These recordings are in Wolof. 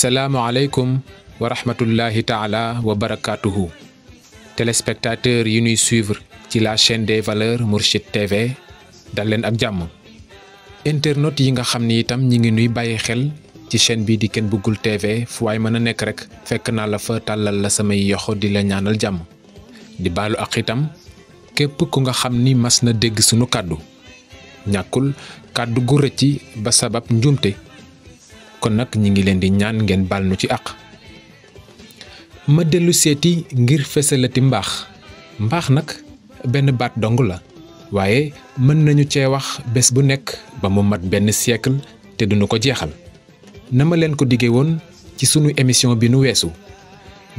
Assalamualaikum warahmatullahi taala wa barakatuhu téléspectateurs yi ñuy suivre ci la chaîne des valeurs Mourchid TV dal leen ak jamm. Internet yi nga xamni itam ñi ngi nuy bàyyi xel ci chaîne bi di Ken bugul TV fu waay mën a rek fekk na la fa talal la samay yoxo di la ñaanal jamm. di balu ak itam képp ku nga xamni ni mas na dégg suñu kaddu ñakul kaddu gu recc ba sabab njuumte kon nak ñi ngi leen di ñaan ngeen balnu ci ak ma delu seti ngir fesselati mbax mbax nak ben bat dong la waye meun nañu ci wax bes bu nek ba mu mat ben siècle te duñu ko jeexal nama ko diggee won ci sunu émission bi nu wessu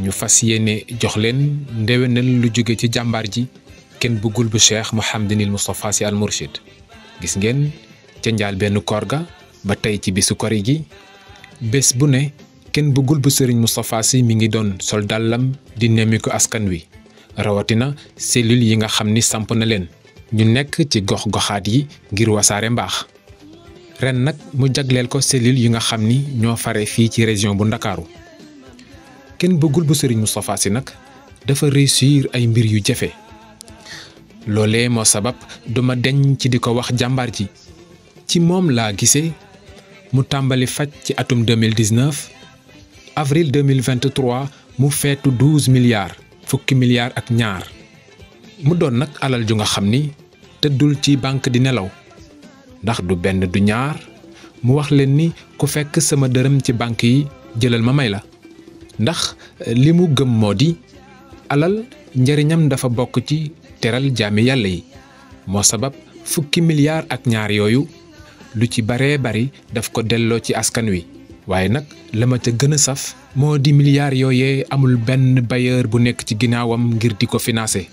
ñu fas yéene jox leen ndewenal lu jóge ci jambar ji kenn bëggul bu cheikh mustafa si al mourchid gis ngeen ci njaal ben korga ba tay ci bisu kori gi bés bu ne kenn bëggul bu sëriñ Moustapha Sy mi ngi doon sol di nemmiku askan wi rawatina cellule yi nga xam ni samp na leen ñu nekk ci gox-goxaat yi ngir wasaare mbaax ren nag mu jagleel ko cellule yi nga xam ni ñoo fare fii ci région bu Ndakaaru kenn bëggul bu sëriñ Moustapha Sy nag dafa réussir ay mbir yu jafe loole moo sabab duma deñ ci di ko wax jàmbaar ji ci moom laa gisee mu tambali fajj ci atum 2019 avril 2023 mu fetu 12 milliards fukki milliards ak ñaar mu don nak alal ju nga xamni te dul ci banque di nelaw ndax du ben du ñaar mu wax len ni ku fekk sama deureum ci banque yi jëlal ma may la ndax eh, limu gëm alal njariñam dafa bok ci teral jami yalla yi mo sabab fukki milliards ak ñaar yoyu lu ci baree bari daf ko delloo ci askan wi waaye nag la ma ca gën a saf moo di milliards yooyee amul benn bailleur bu nekk ci ginnaawam ngir di ko financé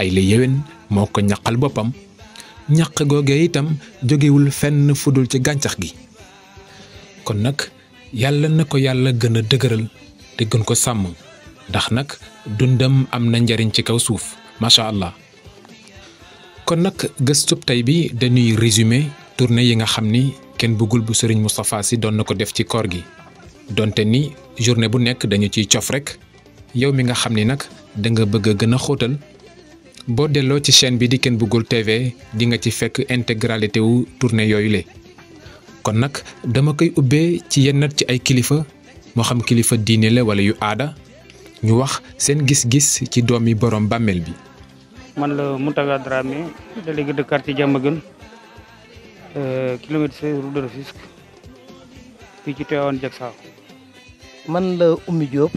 ay la yéwén moo ko ñaqal boppam ñaq googee itam jógewul fenn fudul ci gàncax gi kon nag yàlla na ko yàlla gën a dëgëral te gën ko sàmm ndax nag dundam am na njariñ ci kaw suuf macha allah kon nag gëstub tey bi dañuy résumer tournée yi nga xamni ken bugul bu Serigne mustapha si don nako def ci koor gi donte ni journée bu nek dañu ci cof rek yow mi nga xamni nak da nga bëgg gëna gën bo delo ci chaîne bi di ken bugul TV di nga ci fekk intégralité wu tournée yoyu le kon nak dama koy ubbé ci yennat ci ay kilifa mo xam kilifa diiné la wala yu aada ñu wax seen gis-gis ci doomi borom bammel bi. man la Moutaga Dramé délégué de quartier jamagne Euh, kilomètre 16 route de Rufisque fii ci Tivaouane Diacksao man la Oumy Diop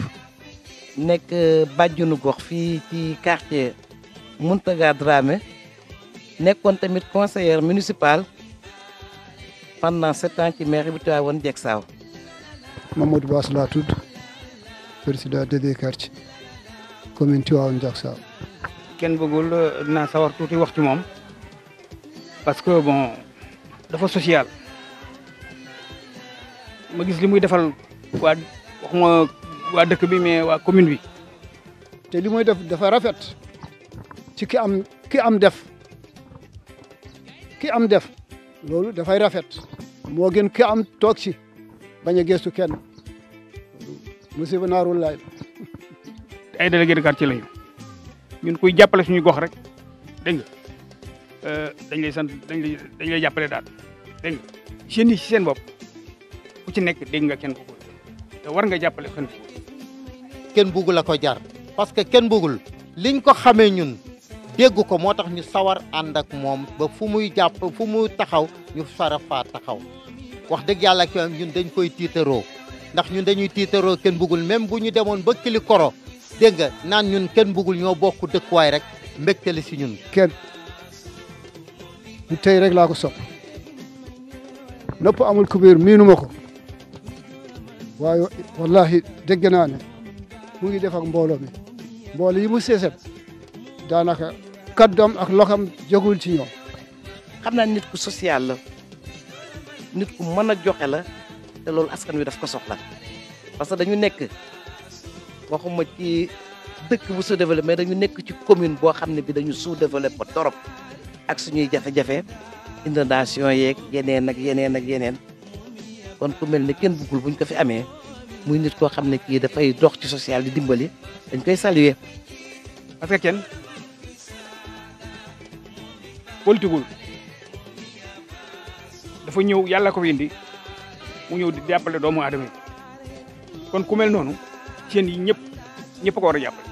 nekk euh, bàjjunu gox fii ci quartier Mountaga Dramé nekkoon tamit conseillère municipale pendant sept ans ci mairie bu Tivaouane Diacksao Mamadou Bass laa tudd président délégué quartier commune Tivaouane Diacksao kenn bëggul euh, naa sawar tuuti wax ci moom parce que bon dafa social ma gis li muy defal waa waa dëkk bi mais waa commune bi te li muy def dafa rafet ci ki am ki am def ki am def loolu dafay rafet moo gën ki am toog ci bañ a gestu kenn musiba naarul laay ay délégué de quartier lañu ñun koy jàppale suñu gox rek dégg nga Eh, dañ lay sant dañ lay jàppale daal dégg nga jeunes seen bopp ku ci nekk dégg nga kenn bëggul te war nga jàppale kenn bëggul. kenn bëggul la ko jar parce que kenn bëggul liñ ko xamee ñun dégg ko moo tax ñu sawar ànd ak moom ba fu muy jàpp fu muy taxaw ñu sara taxaw wax dëgg yàlla ak ñun dañ koy tiitaroo ndax ñun dañuy tiitaroo kenn bëggul même bu ñu demoon ba kili koro dégg naan ñun kenn buggul ñoo bokk dëkkuwaay rek mbégte si ñun kenn. du tey rek laa ko sopp nëpp amul kubéer miinuma ko waaye wallahi dégg naa ne mu ngi def ak mbooloo mi mboolo yi mu seeset daanaka kaddoom ak loxam jógul ci ñoom xam naa nit ku social la nit ku mën a joxe la te loolu askan wi daf ko soxla parce que dañu nekk waxuma ci dëkk bu sous-développé mais dañu nekk ci commune boo xam ne bi dañu sous-développé torop ak suñuy jafe-jafe inondation yeeg yenen ak yenen ak yenen kon ku melni kenn bugul buñ ko fi amé muy nit ko xamné ki da fay dox ci social di dimbali dañ koy saluer. parce que kenn politikul dafa ñew yalla ko fi mu ñew di jappalé doomu adamé kon ku mel nonu seen yi ñep ñep ko wara jappalé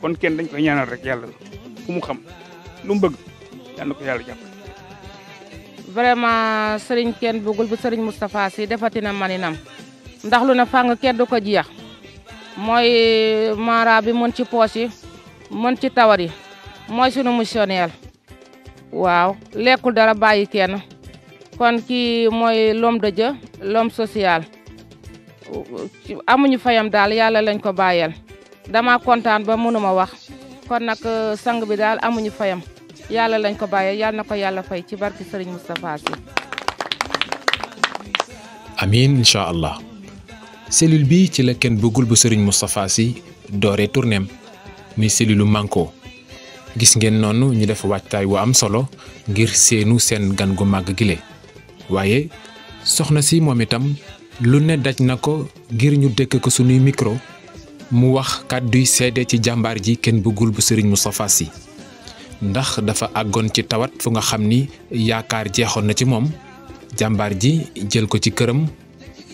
kon kenn dañ koy ñaanal rek yalla fu mu xam lu mu bëgg yàlla ko yàlla jàpp vraiment sëriñ kenn bëggul bu sëriñ Moustapha Sy defatina maninam ndax lu ne fàng kenn du ko jiyax mooy mara bi mën ci poos yi mën ci tawar yi mooy sunu missionnaire waaw lekkul dara bàyyi kenn kon kii mooy l'homme de Dieu l'homme social amuñu fayam daal yàlla lañ ko bàyyeel dama kontaan ba mënuma wax kon nag euh, sang bi daal amuñu fayam yàlla lañ ko bàyyee yàlla na ko yàlla fay ci barki Serigne Moustapha Sy amiin incha allah cellule bi ci la kenn bëggul bu sëriñ Moustapha Sy dooree tourneem muy cellule Manko gis ngeen noonu ñu def waajtaay wu am solo ngir seenu seen gan gu màgg gile waaye soxna si moom itam lu ne daj na ko ngir ñu dëkk ko sunuy micro mu wax kaddu sédé ci jambar ji kenn bëggul bu serigne Moustapha si ndax dafa agon ci tawat fu nga xamni yaakar jeexon na ci mom jambar ji jël ko ci kërëm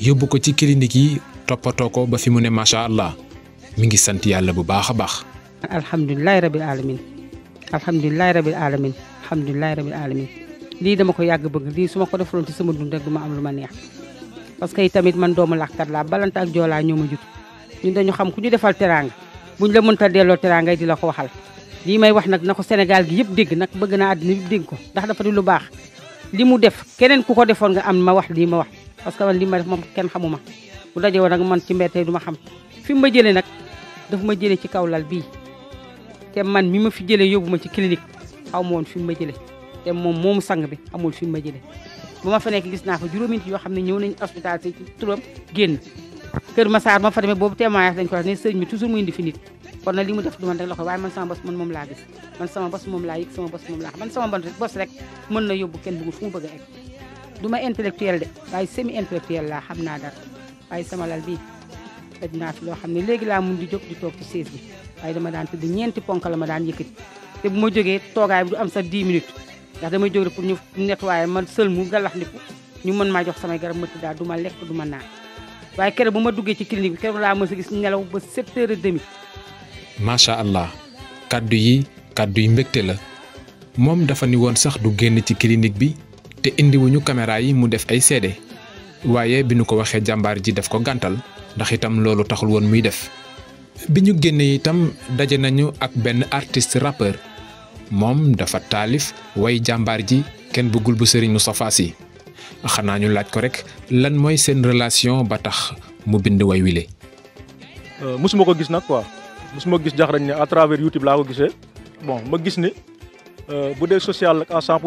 yobbu ko ci clinique yi topato ko ba fi mu ne macha allah mi ngi sant yalla bu baakha bax alhamdullilah rabbil alamin alhamdullilah rabbil alamin alhamdullilah rabbil alamin li dama ko yag bëgg li suma ko defalon ci sama dund rek ma am lu ma neex parce que tamit man doomu lakkat la balanta ak jola ñoo ma jut ñun dañu xam ku ñu defal teraanga buñ la mënta delloo teraanga di la ko waxal lii may wax nag na ko Sénégal gi yëpp dégg nag bëgg naa àddina yëpp dégg ko ndax dafa di lu baax li mu def keneen ku ko defoon nga am ma wax lii ma wax parce que man li ma def moom kenn xamuma bu daje woon nag man ci mbette du ma xam fi mu ma jëlee nag daf ma jëlee ci kaw lal bii te man mi ma fi jëlee yóbbu ma ci clinique aw ma fi mu ma jëlee te moom moomu sang bi amul fi mu ma jëlee bu ma fa nekk gis naa fa juróomi yoo xam ne ñëw nañ hospital ci génn Kër Massar ma fa demee boobu témoignage lañ ko wax ne sëriñ bi toujours mu indi fi nit kon nag li mu def du man rek la ko waaye man sama bos man moom laa gis man sama bos moom laa laa xam na yóbbu kenn bu fu mu bëgg a ma intellectuel naa loo xam ne léegi laa mun di jóg di toog ci waaye dama daan tëdd ñeenti ponk la ma daan yëkkati te bu ma jógee toogaay bi du am sax 10 minutes ndax damay jóg rek pour ñu nettoyer man sël mu galax ndiku ñu mën maa jox samay garab ma tëdd daal du ma lekk du ma naan waaye kere bu ma duggee ci clinique bi keroog laa mos a gis nelaw ba sept heures et macha allah kàddu yi kàddu yi mbégte la moom dafa ni woon sax du génn ci clinique bi te indiwuñu caméra yi mu def ay seede waaye bi ñu ko waxee jàmbaar ji def ko gàntal ndax itam loolu taxul woon muy def. bi ñu génnee itam daje nañu ak benn artiste rappeur moom dafa taalif way jàmbaar ji kenn bëggul bu Serigne Moustapha yi xanaa ñu laaj ko rek lan moy sen relation ba tax mu bind way wile euh, musuma ko gis nak quoi musuma gis jax dañ à travers youtube la ko gisee bon ma gis euh bu dé social à 100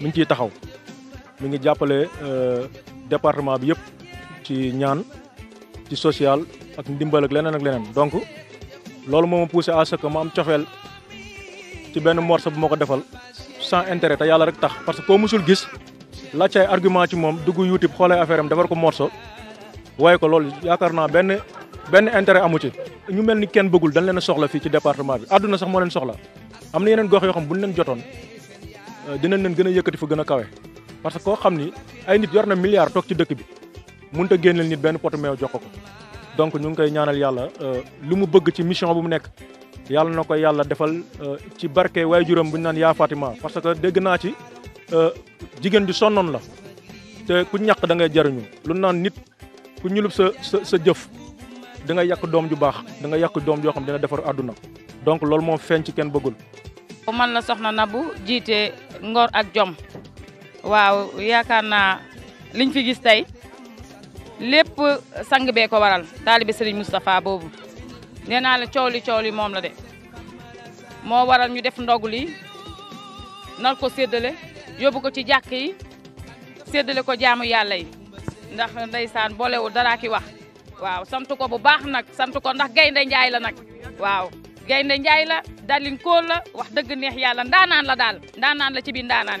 mi ngi ciy taxaw mi ngi euh département bi yépp ci ñaan ci social ak ndimbal ak leneen ak leneen donc lolu moma pousser à ce que ma am tiofel ci ben morceau bu moko defal sans intérêt ta yalla rek tax parce que ko musul gis laaj ay argument ci moom dugg YouTube xoolee affaire am defar ko morso waaye ko lool yaakaar naa benn benn intérêt amu ñu mel ni kenn bëggul dañ leen a soxla fii ci département bi àdduna sax moo leen soxla am na yeneen gox yoo xam bu ñu leen jotoon euh, dinañ leen gën a yëkkati fa gën a kawe. parce que koo xam ni ay nit yor na milliard toog ci dëkk bi mun ta génneel nit benn pot meew jox ko ko donc ñu ngi koy ñaanal yàlla euh, lu mu bëgg ci mission bu mu nekk yàlla na ko yàlla defal euh, ci barke waajuram bu ñu naan yaa Fatima parce que dégg naa ci. Euh, Jigen di sonon la te ku ñak da ngay jarñu lu naan nit ku ñulub sa sa jëf da nga yak dom ju bax da nga yak dom joo xam dina defar aduna donc lool moom feeñ ci bëggul man la soxna Nabou jité ngor ak jom waaw yakarna liñ fi gis tay lepp sang be ko waral taalibi Serigne mustapha bobu neena la ciowli ciowli mom la de mo waral ñu def ndog li ko yóbbu ko ci jàkk séddale ko jaamu yàlla yi ndax ndeysaan boolewu daraa ki wax waaw sant ko bu baax nag sant ko ndax gaynde njaay la nag waaw gaynde njaay la dalin kóol la wax dëgg neex yàlla ndaanaan la daal ndaanaan la ci biir ndaanaan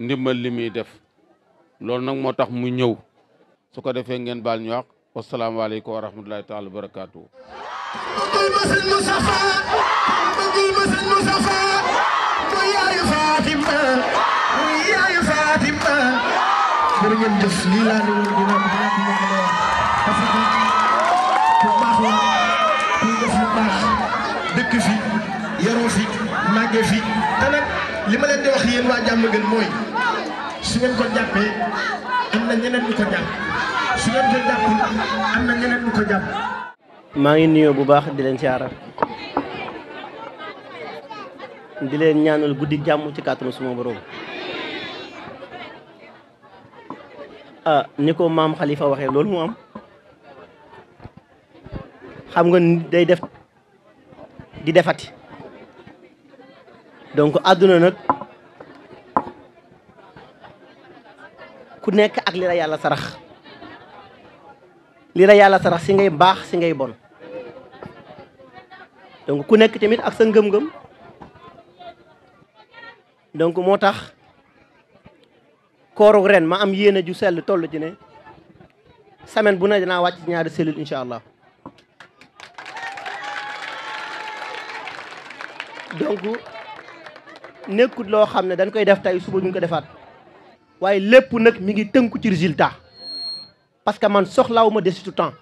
ndimbal limi def loolu nak motax mu ñew su ko defé ngeen bal ñu wax alaykum wa rahmatullahi taala wa barakaatu bëggul ma sëñ Moustapha bëggul Fatima mu yaayu Fatima jërë ngeen jëf lii laa ne woon dina dina dina mën a parce que ku baaxoon kuy def lu su ngeen ko maa ngi nuyoo bu baax di leen siyaara di leen ñaanal guddi jàmm ci kàttanu suma borom. ah ni ko maam Khalifa waxee loolu mu am xam nga day def di defati donc àdduna nag. nekk ak li la yàlla sarax li la yàlla sarax si ngay baax si ngay bon donc ku nekk tamit ak sa ngëm-ngëm donc moo tax kooru ren ma am yéene ju sell toll ci ne semaine bu ne dinaa wàcc ñaari cellule incha allah donc nekkut loo xam ne dañ koy def tey suba ñu ko defaat waaye lépp nag mi ngi tënku ci résultat parce que man soxlaawu ma desitu temps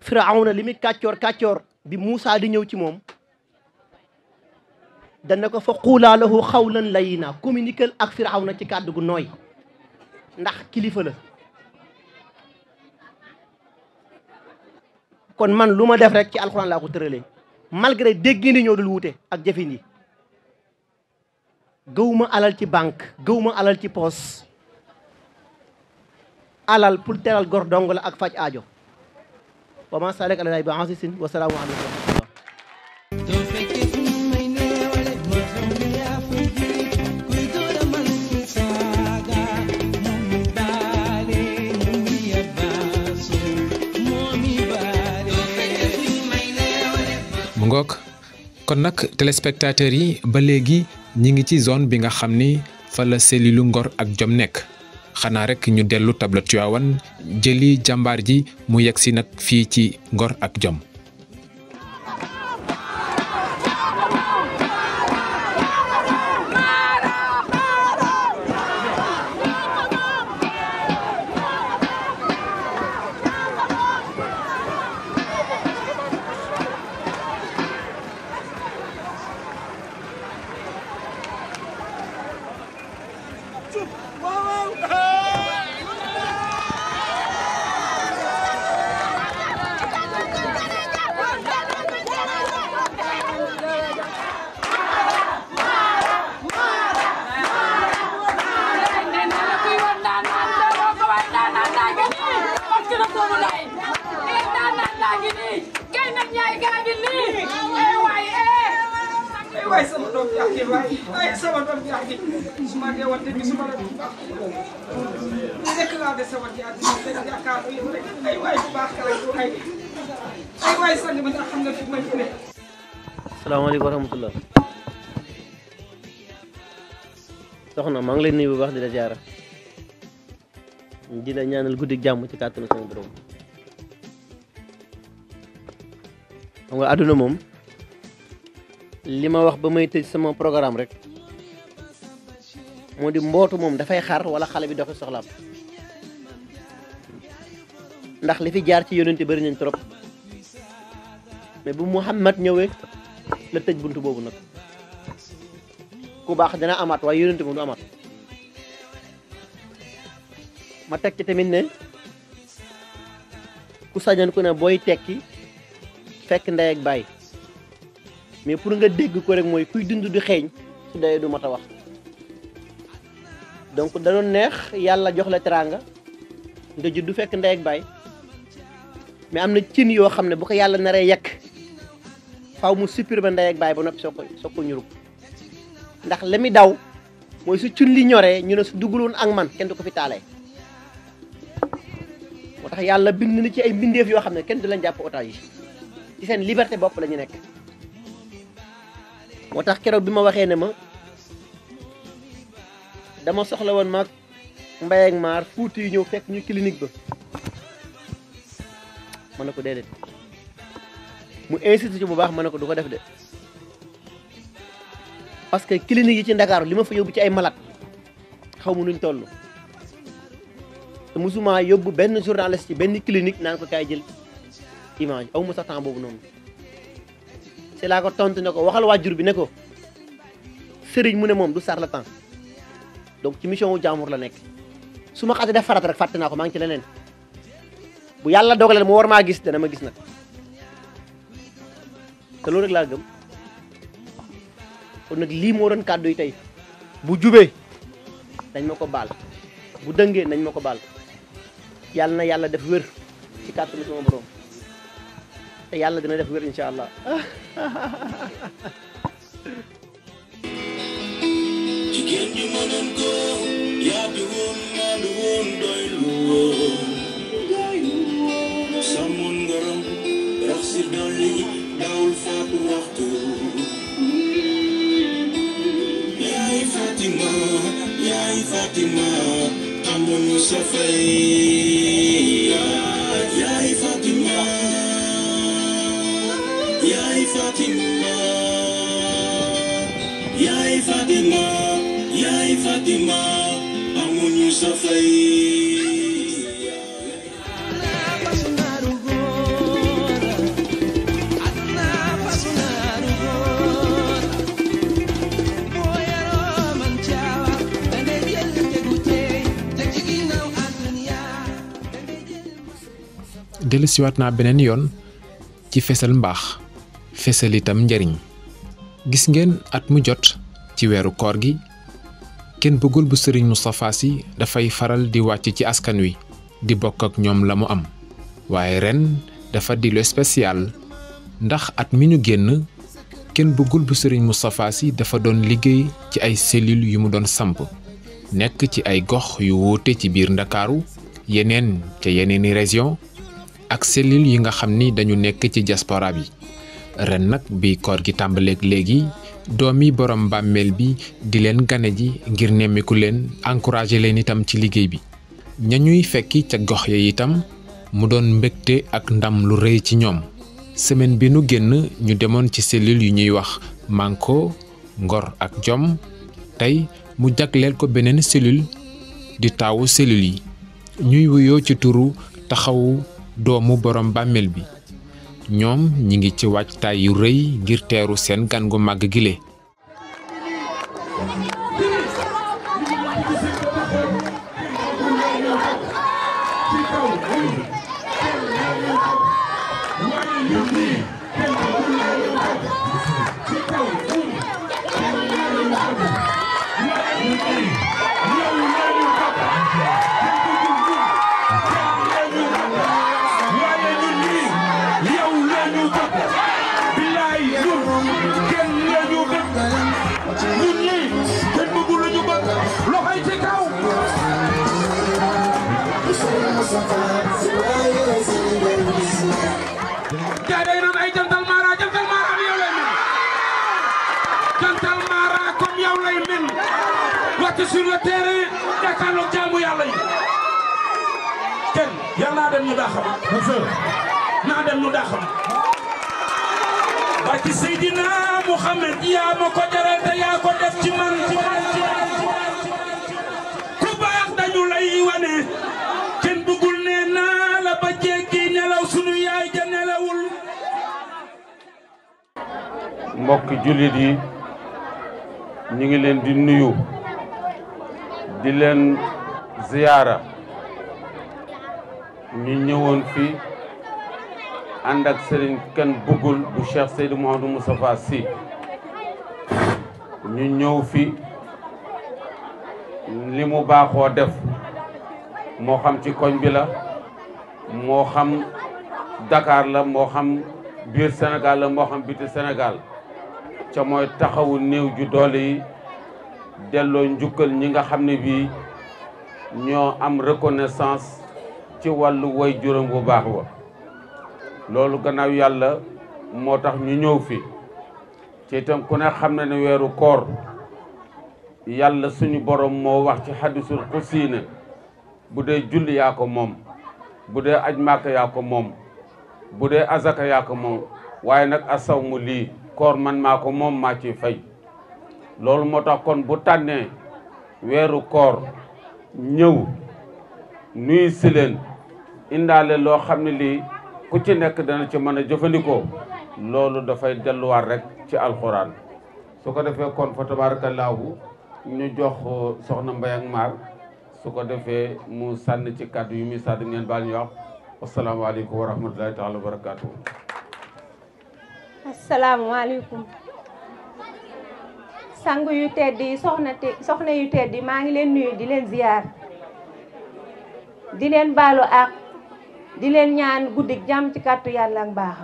Firawna li muy kàccoor kàccoor bi Moussa di ñëw ci moom dana ko fa xuulaa lahu xawlan layyinan communiquer ak na ci kàddu gu nooy ndax kilifa la kon man lu ma def rek ci alxuraan laa ko tëralee malgré dégg ni ñoo dul wute ak jëfin yi gawuma alal ci bank gawuma alal ci pos alal pour teral gor dongol ak faj aajo wa ma salik ala ibn asisin wa salaamu alaykum Gok. kon nag téléspectateurs yi ba léegi ñi ngi ci zone bi nga xam ni fa la selilu ngor ak jom nekk xanaa rek ñu dellu tabla Tivaouane jëli jàmbaar ji mu yegg si nag fii ci ngor ak jom ngi lay nuyu bu baax di jaar di la ñaanal guddi jamm ci kàttanu sama borom nga aduna mom lima wax ba may tej sama programme rek modi di mom da fay xar wala xale bi doxi soxlam ndax li fi jaar ci yonenti bari nañ trop mais bu Muhammad ñewé la tej buntu bobu nak ku baax dina amat. way yonenti mom du amat ma teg ci tamit ne ku sañoon ku ne booy tekki fekk ndey ak baay mais pour nga dégg ko rek mooy kuy dund du xeeñ su dee du mat a wax donc danoon neex yàlla jox la teraanga nga du fekk ndey ak baay mais am na cin yoo xam ne boo ko yàlla naree yekk faaw mu supprimer ndey ak baay ba noppi soo ko soo ko ñurub ndax la mi daw mooy su cun li ñoree ñu ne su duggul woon ak man kenn du ko fi taalee motax yalla bind na ci ay mbindeef yo xamne kenn du leen japp otage ci sen liberté bop lañu nek motax kéro bima waxé né ma dama soxla won mak mbay ak mar fouti ñew fekk ñu clinique ba manako dedet mu insiste ci bu baax manako duko def de parce que clinique yi ci Dakar lima fa yobu ci ay malade xawmu nuñ tollu musuma yóbbu benn journaliste ci benn clinique naan ko kaay jël image aw ma sax temps boobu noonu ci laa ko ne ko waxal waajur bi ne ko sëriñ mu ne moom du charlatan donc ci mission wu jaamur la nekk su ma xasee def farata rek fàtte naa ko maa ngi ci leneen bu yàlla dogalee mu war maa gis dana ma gis nag te loolu rek laa gëm nag lii moo doon kàddu yi tey bu jubee nañ ma ko baal bu dëngee nañ ma ko baal yàlla na yàlla def wér ci kàttanu sama borom te yàlla dina def wér incha allah. jigéen ñi mënoon ko. صفية يا فاطمة يا فاطمة يا فاطمة يا فاطمة أمون صفية dellusiwaat naa beneen yoon ci fesal mbaax fesal itam njariñ gis ngeen at mu jot ci weeru koor gi kenn bëggul bu sëriñ mustapha si dafay faral di wàcc ci askan wi di bokk ak ñoom la am waaye ren dafa di lu spécial ndax at mi ñu génn kenn bëggul bu sëriñ mustapha si dafa doon liggéey ci ay cellule yu mu doon samp nekk ci ay gox yu wuute ci biir ndakaaru yeneen ca yeneeni région ak selil yi nga xamni dañu nekk ci diaspora bi ren nak bi koor gi tàmbaleeg legi domi borom bammel bi di len gané ji ngir nemmiku len encourager len itam ci liggéey bi ñañuy fekki ci gox ya itam mu don mbekté ak ndam lu reey ci ñom semaine bi nu genn ñu demon ci selil yu ñuy wax manko ngor ak jom tay mu jaglel ko benen selil di taawu selil yi ñuy wuyoo ci turu taxawu doomu borom bàmmeel bi ñoom ñi ngi ci waajtaay yu rëy ngir teeru seen gan gu màgg gile sur le terrain jàkkaarloog jamu yalla yi ken yalla dem ñu daxam monsieur na dem ñu daaxam barki sayidina Muhammad ya mako jere te ya ko def ci man ci man ci man ci man ku baax dañu lay wane ken bugul ne na la ba jéggi nelaw suñu yaay ja nelawul mbokk julit yi ñi ngi leen di nuyu di leen ziyaara ñu ñëwoon fii ànd ak sëriñ kenn bëggul bu Cheikh Seydou Mouhamadou Moustapha si ñu ñëw fi li mu baaxoo def moo xam ci koñ bi la moo xam dakaar la moo xam biir senegal la moo xam biti Sénégal ca mooy taxawu néew ju doole yi delloo njukkal ñi nga xam ne bii ñoo am reconnaissance ci wàllu way juróom bu baax wa loolu gannaaw yàlla moo tax ñu ñëw fi ci itam ku ne xam na ne weeru koor yàlla suñu borom moo wax ci xadisul xusii ne bu dee julli yaa moom bu dee aj màkka yaa moom bu dee azaka yaa moom waaye nag asaw mu lii koor man maa ko moom maa ci fay loolu moo tax kon bu tànnee weeru koor ñëw nuyu sileen indaale loo xam ne lii ku ci nekk dana ci mën a jëfandikoo loolu dafay delluwaat rek ci alxuraan su ko defee kon fa tabaarakallaahu ñu jox soxna Mbaye ak Mar su ko defee mu sànni ci kàddu yu muy sànni ngeen baal ñu wax asalaamaaleykum wa rahmatulahi taala wa barakaatu. asalaamaaleykum. sangu yu teddi soxna te soxna yu teddi ma ngi len nuyu di len ziar di len balu ak di len ñaan guddik jam ci kattu yalla ak baax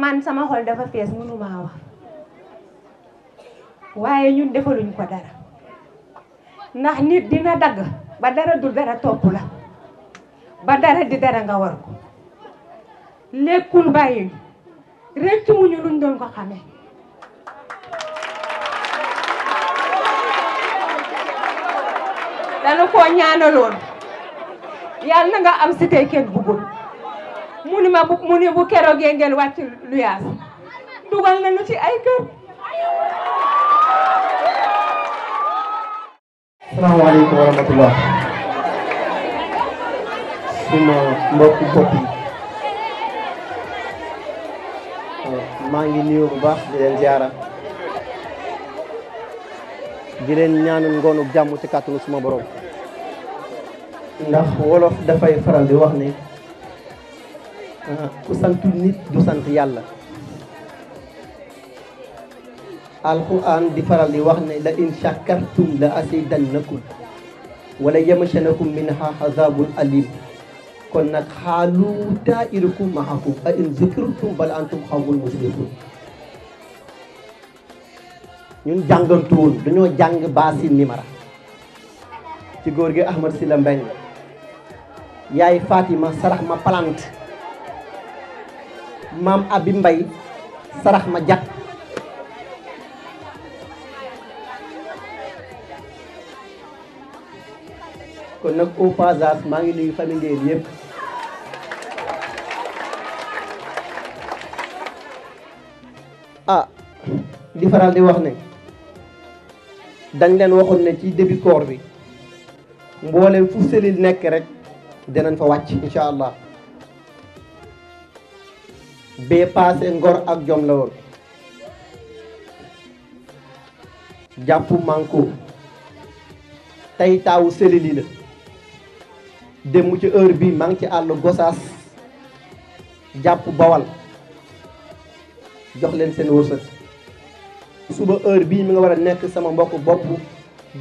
man sama xol dafa fees mënumaa wax waye ñun defaluñ ko dara ndax nit dina dag ba dara dul dara top la ba dara di dara nga war ko baye rek ci muñu luñ doon ko xamé danu ko ñaanaloon yàlla na am si tey kenn mu ni ma mu ni bu keroogee ngeen wàcc luyaas dugal nañu ci ay kër. suma mbokku bopp yi maa ngi nuyu bu baax di leen ziara di leen ñaanal ngoonu jàmm ci kàttanu suma borom. ndax wolof dafay faral di wax ne ah, ku santul nit du sant yàlla alquran di faral di wax ne la in shakartum la azidannakum wala yamashanakum minha azabun alim kon nag xaalu ta'irukum maakum a in zikirtum bal antum xawmun musrifun ñun jàngantuwoon dañoo jàng baasi nimara ci góor gi Ahmad Sila Mbeng yaay ma sarax ma palante maam Abi Mbay sarax ma jat kon nag au passage maa ngi nuyu famille Ngéyeen yëpp ah di faral di wax ne dañ leen waxoon ne ci début koor bi mboolem fu selil nekk rek danañ fa wàcc incha allah bee paase ngor ak jom la woon jàpp manko tey taawu selili la dem ci heure bii maa ngi ci àll gosaas jàpp bawal jox leen seen wërsëg suba heure bii mi nga war a nekk sama mbokk bopp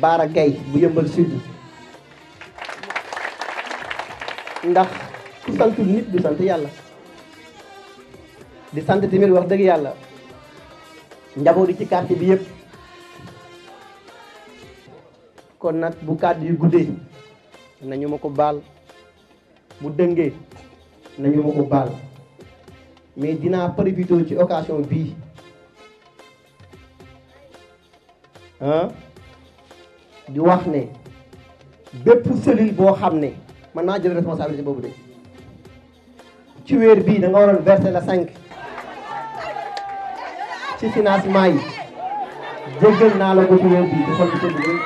Baara Gaye bu yëmbal sud ndax ku santul nit du sant yàlla di sant tamit wax dëgg yàlla njaboot yi ci quartier bi yëpp kon nag bu kàdd yu guddee nañu ma ko baal bu dëngee nañu ma ko baal mais dinaa profité ci occasion bii ah di wax ne bépp cellule boo xam ne man maa jël responsabilité boobu de ci weer bii da nga waroon verser la cinq ci financement yi jéggal naa la ko ci weer bii defal ko ci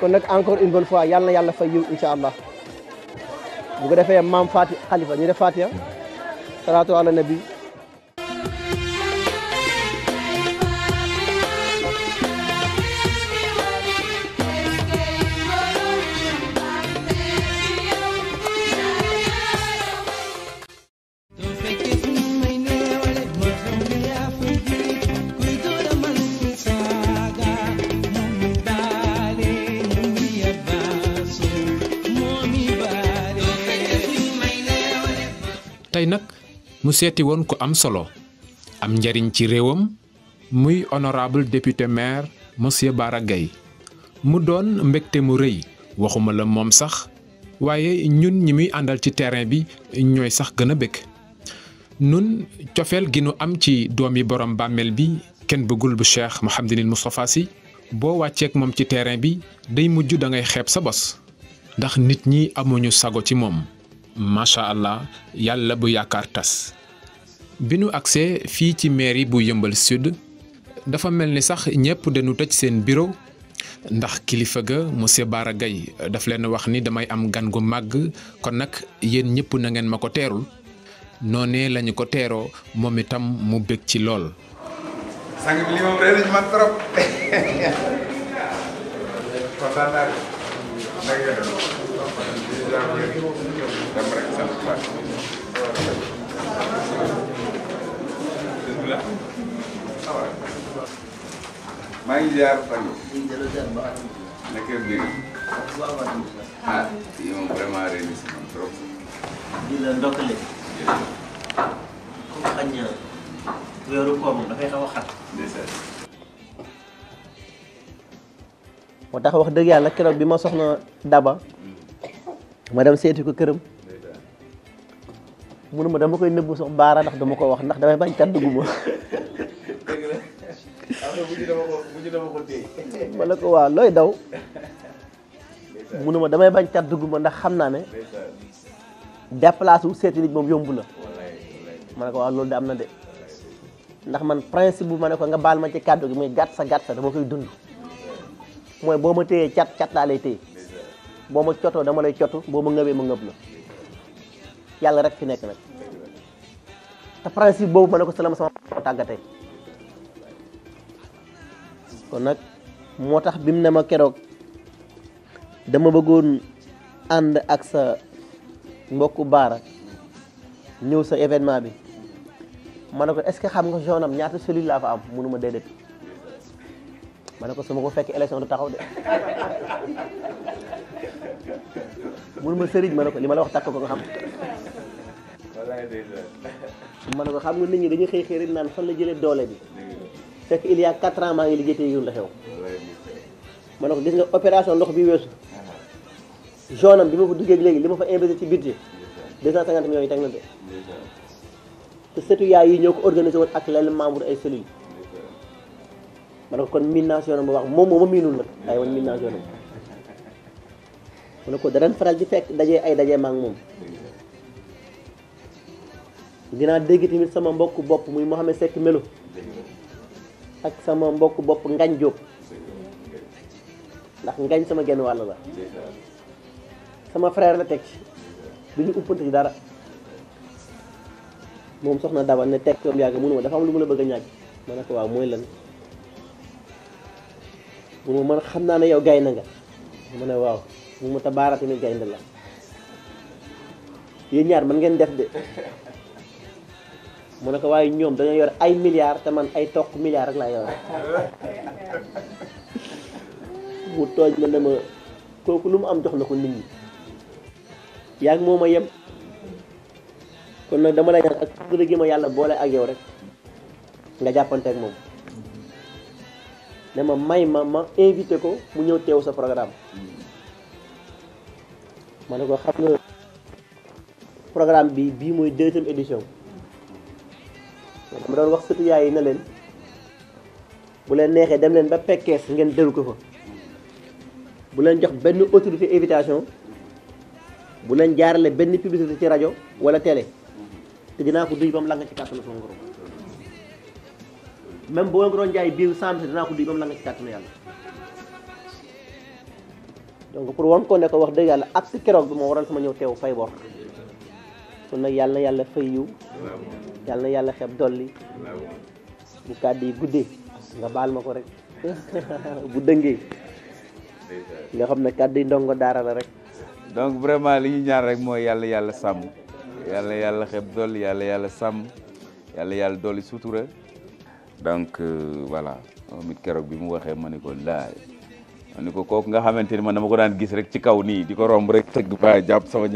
kon nag encore une bonne fois yàlla na yàlla fa yiw incha allah bu ko defee maam Fati Khalifa ñu def Fatiha salaatu ala nabi mu seeti won ko am solo am njariñ ci rewam muy honorable député maire monsieur Baragay Mudon mu don mbekté mu reuy waxuma la mom sax waye ñun ñi muy andal ci terrain bi ñoy sax gëna nun ciofel gi nu am ci doomi borom Bugul bi kenn bëggul bu cheikh Mouhamadinil si bo boo ak mom ci terrain bi day mujj da ngay sa boss ndax nit ñi amuñu sago ci mom masha allah yalla bu yakar tas binu nu fi ci mairie bu sud dafa melni ni sax ñëpp dañu tecc sen bureau ndax kilifa ga monsieur Bara gay daf len wax ni damay am gan gu mag kon nak yeen ñepp na ngeen mako terul noné ko téro mu bekk ci lol sang bi man trop ko tanar maa ngi ziar ah, moo tax wax dëgg yàlla keroog bi ma soxna Daba. ma dem seeti ko këram. munuma dama koy nëbbu sax baara ndax dama ko wax ndax dama bañ kàddu gu ma ne ko waaw looy daw munuma damay bañ cat dugg ma ndax xam naa ne déplacé wu seeti nit moom yomb la ma ne ko waaw loolu de am na de ndax man principe bu ma ne ko nga baal ma ci kàddu gi muy gàtt sa gàtt sa dama koy dund mooy boo ma téyee cat cat laa lay téye boo ma cotoo dama lay cotu boo ma ngëbee ma ngëb la yàlla rek fi nekk nag te principe boobu ma ne ko salaam sama tàggatee kon nag moo tax bi mu ne ma keroog dama bëggoon ànd ak sa mbokku baara ñëw sa événement bi ma ne ko ce que xam nga zone am ñaata cellule laa fa am mënuma déedéet ma ne ko su ma ko fekk élection du taxaw de mënuma sëriñ ma ne ko li ma la wax takk ko nga xam xam nga nit ñi dañuy xëy xëy rek la jëlee doole bi fekk il y a quatre ans maa ngi liggéey te yëgul la xew ma ne ko gis nga opération ndox bi weesu zone am bi ma fa duggee léegi li ma fa investi ci budget deux cent cinquante millions yi teg na de te setu yaay yi ñëw ko organisé ak lenn membre ay cellules ma na ko kon miin naa zone am bu baax moom ma miinul nag waaye man miin naa zone am ma ne ko danañ faral fekk daje ay daje ma ak moom dinaa dégg tamit sama mbokk bopp muy ne Seck Melo ak sama mbokk bopp ngañ job ndax ngañ sama genn wàll la sama frère la tek ci duñu uppante ci dara moom soxna daba ne tek am yàgg mënuma dafa am lu mu la bëgg a ñàkk ma ne ko waaw mooy lan bu mu man xam naa ne yow gay nga mu ne waaw mu ma tabaara tamit gaynde la yéen ñaar man ngeen def de mu ne waaye ñoom dañoo yor ay milliards te man ay toq milliards rek laa yor mu tooj ma ne ma kooku lu mu am jox na ko nit ñi yaa ngi moom a yem kon nag dama lay ñaan ak kuréel gi ma yàlla boole ak yow rek nga jàppante ak moom ne ma may ma ma invité ko mu ñëw teew sa programme ma ne ko xam nga programme bi bii mooy deuxième édition. dama doon wax sëtu yaay yi na leen bu leen neexee dem leen ba pekkee si ngeen dëru ko fa bu leen jox benn autorité invitation bu leen jaarale benn publicité ci rajo wala télé te dinaa ko duy ba mu lang ci kàttanu sama borom même boo ko doon jaay biir cent mille dinaa ko duy ba mu lang ci kàttanu yàlla donc pour wan ko ne wax dëgg yàlla ak si keroog bi moo waral sama ñëw teew fay bor sunna yalla yalla yàlla fay yiw yàlla yàlla xeb doli bu kaddi yi nga bal mako rek bu dëngee nga xam kaddi ndongo dara la rek donc vraiment li ñu ñaar rek moy yalla yalla sam yalla yalla xeb dolli yalla yalla sam yalla yalla doli sutura donc euh, voilà moom kérok bi mu waxé ma ko nga xamanteni man dama ko daan gis rek ci kaw ni di romb rek tegg ba japp sama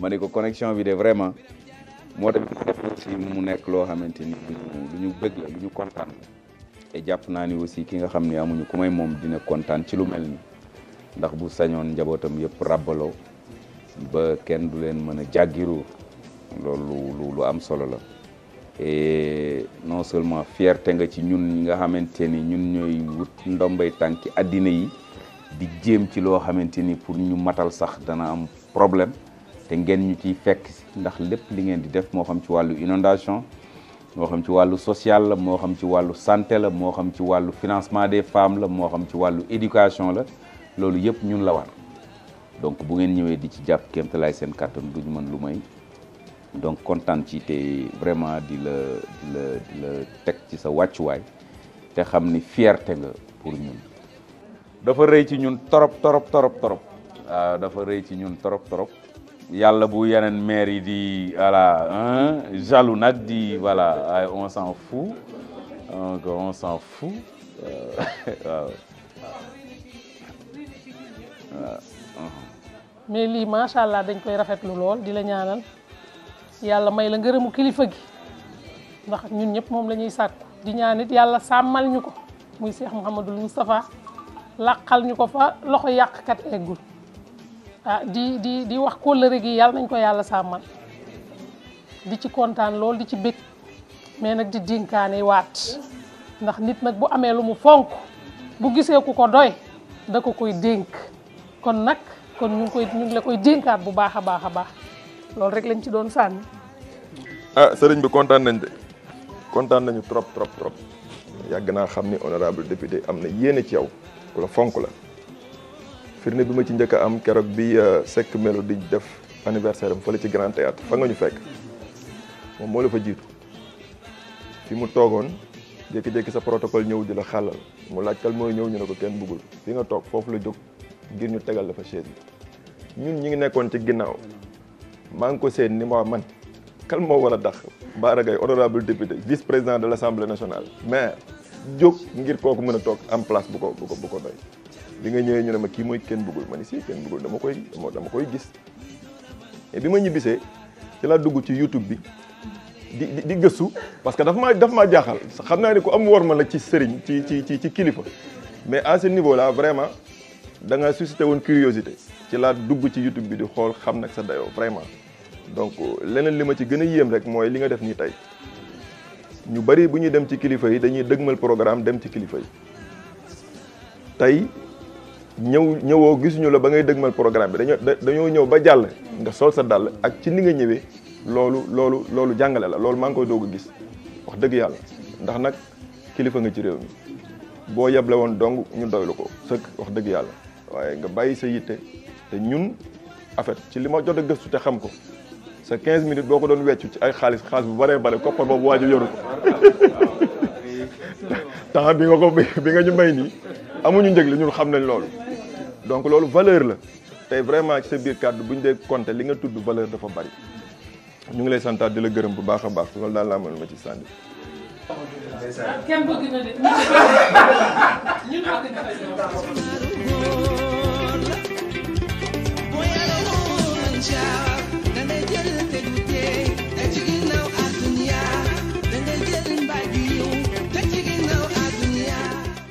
ma ne ko connexion bi de vraiment moo tax def aussi mu nekk loo xamante ni lu ñu bëgg la lu ñu kontaan et jàpp naa ni aussi ki nga xam ne amuñu ku may moom dina kontaan ci lu mel ni ndax bu sañoon njabootam yëpp ràbbaloo ba kenn du leen mën a jàggiru loolu lu am solo la et non seulement fierté nga ci ñun ñi nga xamante ni ñun ñooy wut ndombay tànki àddina yi di jéem ci loo xamante ni pour ñu matal sax dana am problème te ngeen ñu ciy fekk ndax lépp li ngeen di def moo xam ci wàllu inondation moo xam ci wàllu social la moo xam ci wàllu santé la moo xam ci wàllu financement des femmes la moo xam ci wàllu éducation la loolu yëpp ñun la war donc bu ngeen ñëwee di ci jàpp kéemtalaay seen kàttan duñu mën lu may donc kontaan ci te vraiment di la di teg ci sa wàccuwaay te xam ni fierte nga pour ñun dafa rëy ci ñun torop torop torop torop waaw ah, dafa rëy ci ñun torop torop yalla bu yenen mère yi di voilà hein, jaloux nak di voilà on s'en fout donc on s'en fout euh, waaw. mais li macha allah dañ koy rafetlu lol di la ñaanal yalla may la ngeureum kilifa gi ndax ñun ñep mom lañuy ñuy di ñaan it yàlla sàmmal ñu muy Cheikh Mouhamadul Moustapha làqal ñu ko fa loxo yak kat eggul. ah di di di wax kóllëre gi yàlla nañ ko yàlla sàmmal di ci kontaan lool di ci bég mais nag di dénkaane waat ndax nit nag bu amee lu mu fonk bu gisee ku ko doy da ko koy dénk kon nag kon ñu koy ñu ngi koy dénkaat bu baax a baax a baax loolu rek lañ ci doon sànni. ah sëriñ bi kontaan nañ de kontaan nañu trop trop trop yàgg naa xam ni honorable député am na yéene ci yow ku la fonk la. firnde bima ci njëkk am kérok bi euh, Seck Melo di def anniversaire am fele ci Grand Théâtre fa nga ñu fekk mom mo la fa jitu fi mu togon jékki-jékki sa protocole ñëw di la xalal mu laaj kal mooy ñëw ñu ne kenn bëggul fi nga tok fofu la jog ngir ñu tegal la fa chaise ñun ñi ngi nekkoon ci ginnaw ma ngi ko seen ni ma man kal mo war dakh Bara honorable député vice président de l'assemblée nationale maire jog ngir koku mëna tok am place bu ko bu ko bu ko doy li nga ñëwee ñu ne ma kii mooy kenn bëggul ma ni si kenn bëggul dama koy dama koy gis mais bi ma ñibbisee ci laa dugg ci YouTube bi di gëstu parce que dafa maa dafa maa jaaxal xam naa ne ku am worma la ci sëriñ ci ci ci ci kilifa mais à ce niveau là vraiment danga nga suscité woon curiosité ci laa dugg ci YouTube bi di xool xam nag sa dayoo vraiment donc leneen li ma ci gën a yéem rek mooy li nga def nii tey ñu bari bu ñuy dem ci kilifa yi dañuy dëgmal programme dem ci kilifa ñëw ñëwoo gisuñu la ba ngay dëgmal programme bi dañoo dañoo ñëw ba jàll nga sol sa dàll ak ci ni nga ñëwee loolu loolu loolu jàngale la loolu maa ngi koy doog gis wax dëgg yàlla ndax nag kilifa nga ci réew mi boo yeble woon dong ñu doylu ko sëkk wax dëgg yàlla waaye nga bàyyi sa yitte te ñun en fait ci li ma jot a gëstu te xam ko sa 15 minutes boo ko doon weccu ci ay xaalis xaalis bu baree bare koppar boobu waaju yoru ko temps bi nga ko bi nga ñu may nii amuñu njëg li ñun xam nañ loolu donc loolu valeur la tay vraiment ci sa biir kàddu buñ dé compté li nga tuddu valeur dafa bari ñu ngi lay santat di la gërëm bu baaxa baax loolu daal la amul ma ci sandi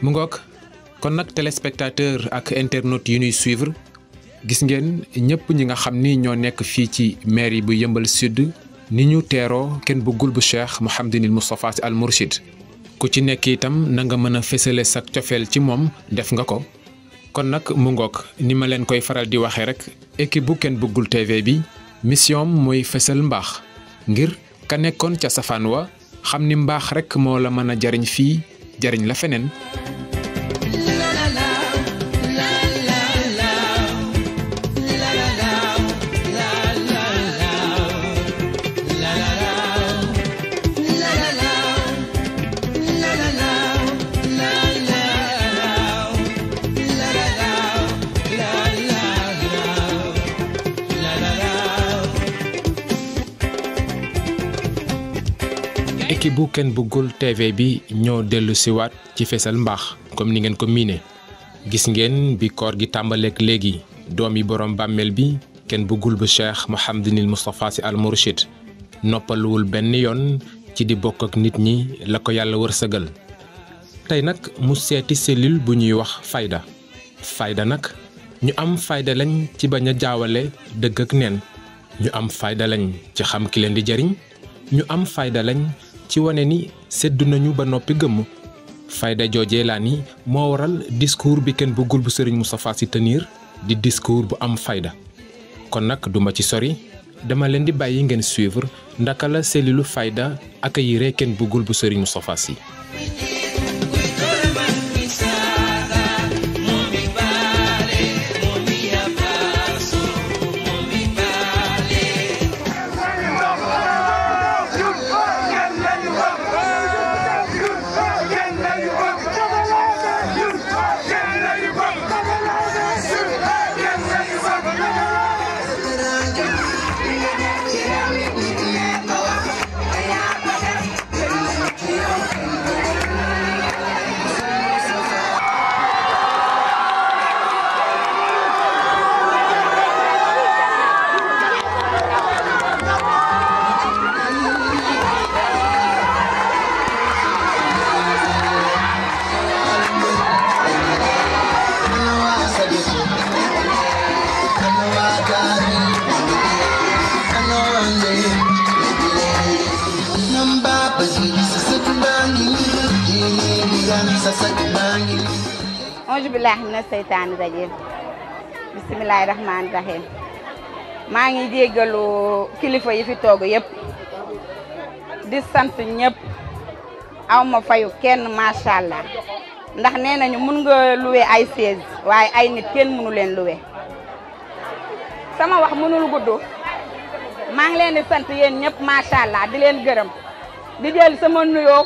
mungok kon nak téléspectateur ak internaute yu ñuy suivre gis ngeen ñepp ñi nga xamni ño ñoo nekk fii ci mairie bu yëmbal sud ni ñu teeroo bu cheikh mohammedine al mursid ku ci nekk itam na nga mëna a sak tiofel ci mom def nga ko kon nak mu ngok ni ma len koy faral di waxe rek équipe bu bu gul tv bi mission moy fessel mbax ngir ka nekkon ca safanwa wa xam rek mo la mëna a jariñ fii jariñ la fenen bu kenn bëggul tv bi ñoo ci wat ci fessel mbax comme ni ngeen ko miné gis ngeen bi koor gi tambalek léegi domi borom bammel bi kenn bëggul bu cheikh mohamdinil mustafa si al murshid noppaluwul ben yon ci di bokk ak nit ñi la ko yalla wërsegal tay nak mu seeti cellule bu ñuy wax fayda fayda nak ñu am fayda lañ ci baña jaawale deug ak neen ñu am fayda lañ ci xam ki leen di jariñ ñu am fayda lañ ci wane ni seddu nañu ba noppi gëmm fayda joojee laa ni musafasi waral discours bi bu Moustapha tenir di discours bu am fayda kon nag duma ci sori dama leen di bàyyi ngeen suivre ndaka la selilu fayda bu Moustapha billahi na seytaani rajim bisimilahi rahmaani rahim maa ngi jéggalu kilifa yi fi toog yëpp di sant ñëpp aw ma fayu kenn macha ndax nee nañu mun nga luwe ay chaise waaye ay nit kenn mënu leen luwe sama wax mënul gudd maa ngi leen di sant yéen ñëpp macha di leen gërëm di jël sama nuyoo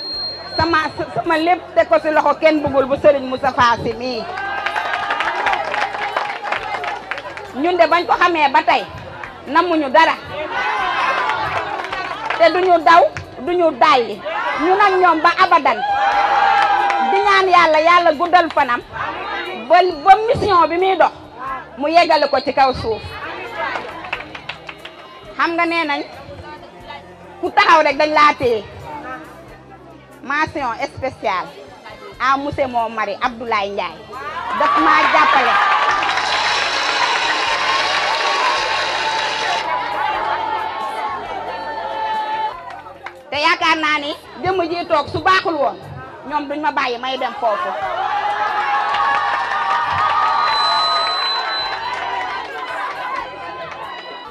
sama lépp teg ko ci kenn bëggul bu Serigne Moustapha Sy mii ñun de bañ ko xamee ba tey namuñu dara te duñu daw duñu dàyyi ñu nag ñoom ba abadan di yàlla yàlla guddal fanam ba mission bi muy dox mu yegale ko ci kaw suuf xam nga nee nañ ku taxaw rek dañ laa téye mention spéciale à monsieur mon mari Abdoulaye Ndiaye daf maa jàppale yaakaar naa ni jëmm ji toog su baaxul woon ñoom duñ ma bàyyi may dem foofu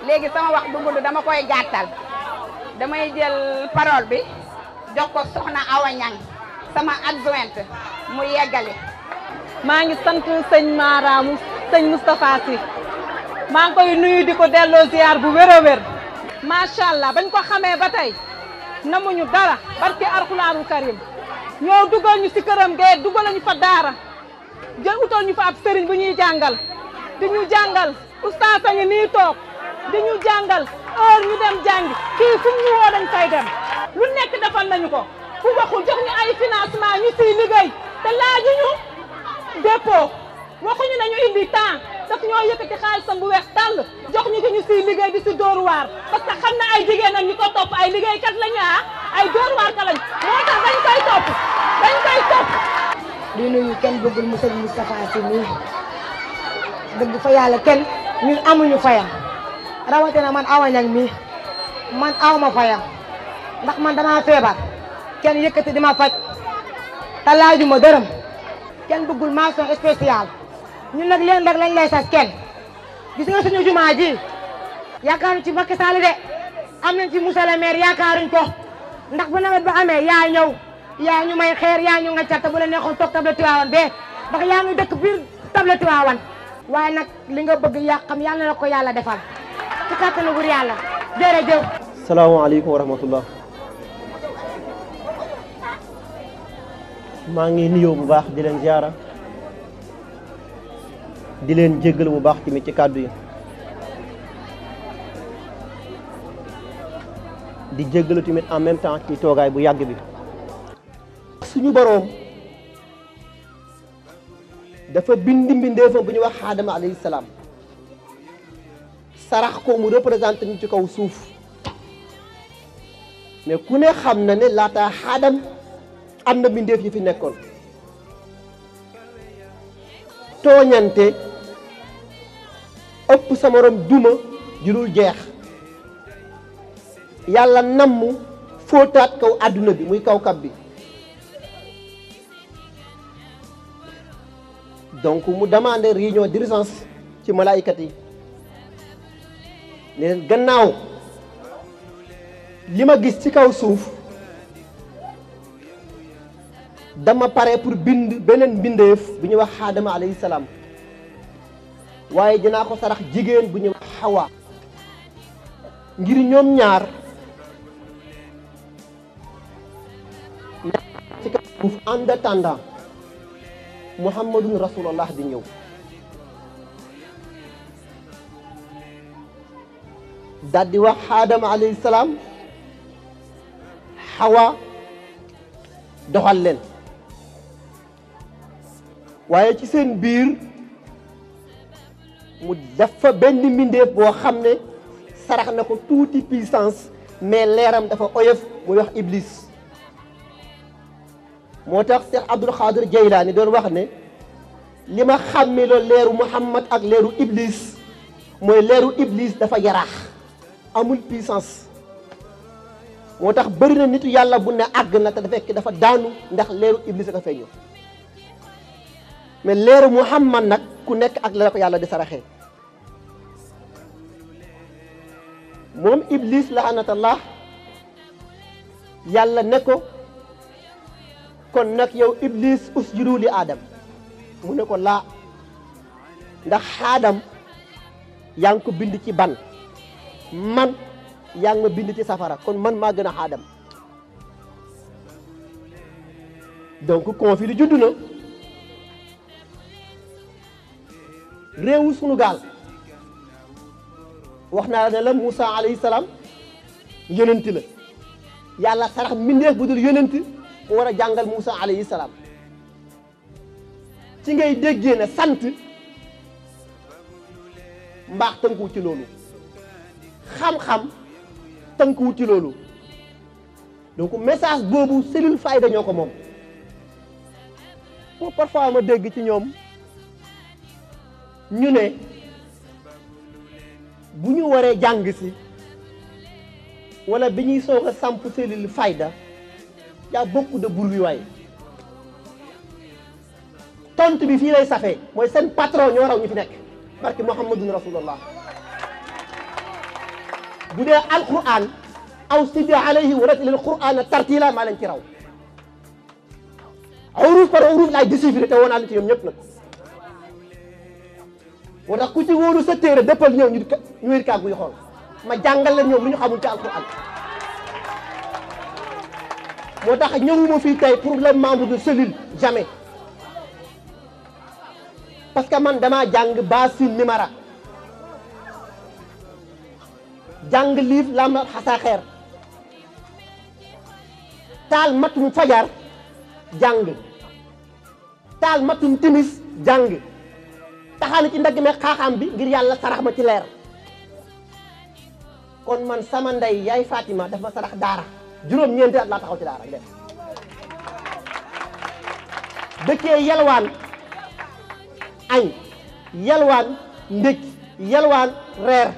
léegi sama wax du gudd dama koy gàttal damay jël parole bi jox ko soxna Awa Niang sama adjointe mu yeggali maa ngi sant sëñ maaraamu sëñ Moustapha Sy maa ngi koy nuyu di ko delloo ziar bu wér a wér macha allah bañ ko xamee ba tey namuñu dara barki arxulaanu karim ñoo dugal ñu si këram gee dugal ñu fa daara jël utal ñu fa ab sëriñ bu ñuy jàngal di ñu jàngal ustaas a ngi nii toog di ñu jàngal heure ñu dem jàngi kii fu ñu woo dem lu nekk defal nañu ko fu waxul jox ñu ay financement ñu siy liggéey te laaju ñu waxuñu nañu indi temps daf ñoo yëkkati xaalisam bu weex tàll jox ñu ci ñu ci liggéey bi ci door war parce que xamna ay jigéen ak ñu top, ay liggéey kat lañu ha ah. ay door war ka lañ moo tax dañ koy top dañ koy top di nuyu kenn bëggul mu sëñ Moustapha ci ni dëgg fa yàlla kenn ñun amuñu rawate na man awañag mi man awma fayam ndax man dama febar kenn yëkëti di ma ta te laajuma dërëm kenn bëggul mention spéciale ñun nak leen rek lañ lay sax kenn gis nga suñu jumaa ji yaakaaruñ ci Macky Sall de am nañ ci musala mer maire yaakaaruñ ko ndax bu nawet ba amé ya ñew kan, ya ñu may xeer ya ñu ya ya nga catta bu la ya neexon tok table Tivaouane be ndax ya ngi dëkk bir table Tivaouane waye nak li nga bëgg ya xam yalla na ko yàlla defal ci kàttanu bur yàlla assalamu alaykum wa rahmatullah ma ngi nuyoo bu baax di len ziara di leen jéggal bu baax tamit ci kàddu yi di jéggalu tamit en même temps ci toogaay bu yàgg bi suñu boroom dafa bind mbindeefam bu ñuy wax aadama alayhi salaam sarax ko mu représenté ñu ci kaw suuf mais ku ne xam na ne laata xaadam am na mbindeef yi fi nekkoon tooñante ëpp sa morom duma ju dul jeex yàlla namm fóotaat kaw àdduna bi muy kaw kab bi donc mu demandé réunion d'urgence ci malaaykat yi ne gannaaw li ma gis ci kaw suuf dama pare pour bind beneen bindeef bu ñuy wax xaadama alayhi waaye dinaa ko sarax jigéen bu ñu xawa ngir ñoom ñaar ci kaw suuf en muhammadun rasulullah di ñëw daal wax aadama alayhi salaam xawa doxal leen waaye ci seen biir mu def fa benn mbindeef boo xam ne sarax na ko tuuti puissance mais leeram dafa oyof muy wax iblis moo tax Cheikh Abdul Xaadir Jaylaani doon wax ne li ma xàmmi loolu leeru Muhammad ak leeru iblis mooy leeru iblis dafa yaraax amul puissance moo tax bëri na nitu yàlla bu ne àgg na te fekk dafa daanu ndax leeru iblis a ko feeñu mais leeru man nag ku nekk ak la ko yàlla di saraxee moom Iblis laanatallah yàlla ne ko kon nag yow Iblis usjudu li Adam mu ne laa ndax Adam yaa ko bind ci ban man yaa ngi ma bind ci safara kon man maa gën a Adam donc conflit juddu na. réewu sunu gaal wax naa ne la Moussa alayhi salaam yonent la yàlla sarax mbindeef bu dul yonent mu war a jàngal Moussa alayhi salaam ci ngay déggee ne sant mbaax tënkuwut ci loolu xam-xam tënkuwut ci loolu donc message boobu cellule fayda ñoo ko moom parfois ma dégg ci ñoom. ñu ne bu ñu waree jàng si walla bi ñuy soog a samp cellule fayda yaa da de bourgeois tontu bi fii lay safee mooy seen patron ñoo raw ñu fi nekk barki muhammadun rasulullah bu dee alquran aw sidi alayhi wa ratilil a tartila maa leen ci raw uruf par uruf laay déchiffré te woonaa la ci ñoom ñëpp nag moo tax ku ci wóolu sa téere dëppal ñëw ñu ñu wér kàggu yu ma jàngal leen ñoom lu ñu xamul ci alquran moo tax ñëwuma fii tey pour le membre de cellule jamais parce que man damaa jàng Baasin Mimara jàng liif Lam Xasaxeer taal matum fajar jàng taal matum timis jàng taxali ci ndag me xaxam bi ngir yalla sarax ma ci leer kon man sama nday yaay Fatima daf ma sarax dara jurom ñeenti at la taxaw ci daara def dëkkee Yelwan, ay yalwaan ndek yalwaan reer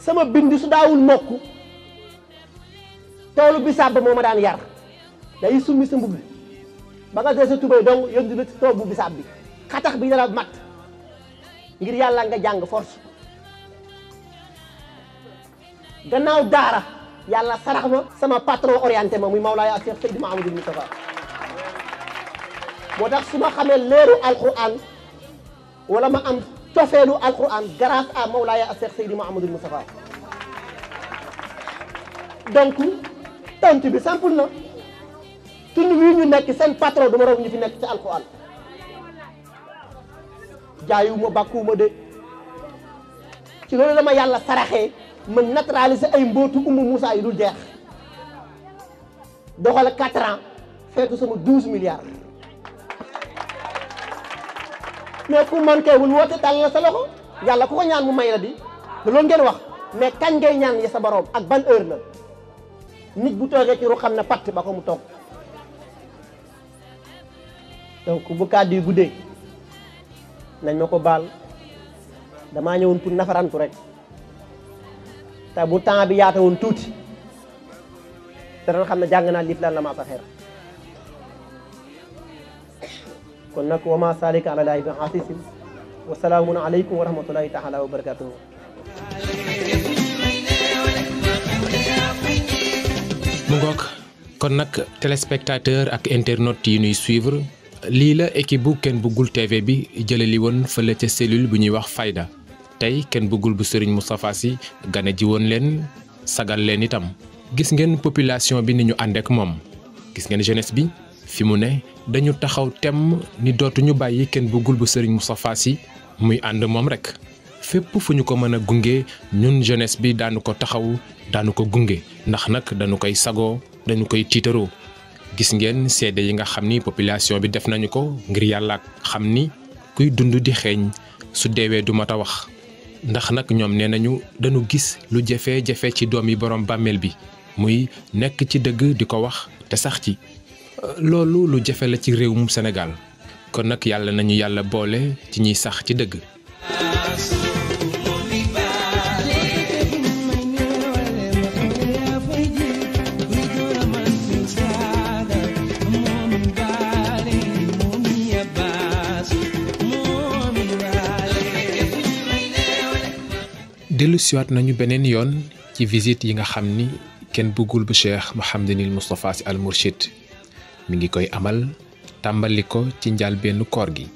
sama bindu su dawul mokk toolu bisab ba ma daan yar day sumi sa ba nga desu tubay dong yondu na ci bu bisab bi katax bi dara mat ngir yalla nga jang force gannaaw dara, yalla ya sarax ma sama patron orienté ma muy mawlaay ak cheikh seydou mahamadou mustafa motax suma xamé leeru alquran wala ma am tofelu alquran grâce à maulaya ak cheikh seydou mahamadou mustafa donc tante bi simple na tund wi ñu nekk seen patron du ma raw ñu fi nekk ci alquran jaayuma bàkkuwuma de ci loolu dama yàlla saraxee man naturaliser ay mbootu ummu Moussa yi dul jeex doxal quatre ans fekk sama douze milliards mais ku manquéwul woote tàll la sa loxo yàlla ku ko ñaan mu may la di da loolu ngeen wax mais kañ ngay ñaan ya sa boroom ak ban heure la nit bu toogee ci ru xam ne patt ba ko mu toog donc bu kàddu yi guddee nañ ma ko baal damaa ñëwoon pour nafarantu rek te bu temps bi yaata woon tuuti danañ xam ne jàng naa liif lan la kon nag wa ma salika ala laahi bi asisin wa salaamun aleykum wa rahmatullahi taala wa mu ngoog kon nag téléspectateur ak internet yi ñuy suivre Lila la équipe bu bu gul TV bi jëlé li faida, fële ken cellule bu ñuy wax Fayda ken bu gul bu Serigne Moustapha si gané ji won len sagal lenitam. itam gis ngeen population bi ni ñu and ak mom gis ngeen jeunesse bi fi mu ne dañu taxaw temm ni dootuñu ñu bayyi ken bu Serigne Moustapha si muy and mom rek fepp fu ñu ko mëna gungé gunge ñun jeunesse bi daanu ko taxaw daanu ko gungé ndax nak dañu koy sago dañu koy gis ngeen seede yi nga xam ni population bi def nañu ko ngir yàlla xam ni kuy dund di xeeñ su deewee du mat a wax ndax nag ñoom nee nañu dañu gis lu jafe-jafe ci doom yi borom bàmmeel bi muy nekk ci dëgg di ko wax te sax ci loolu lu jafe la ci réew mu Sénégal kon nag yàlla nañu yàlla boole ci ñiy sax ci dëgg dellu siwaat nañu beneen yoon ci visite yi nga xam ni kenn bëggul bu ma cheikh Mouhamadinil Moustapha Sy Al Mourchid mu ngi koy amal tàmbali ko ci njaal benn koor gi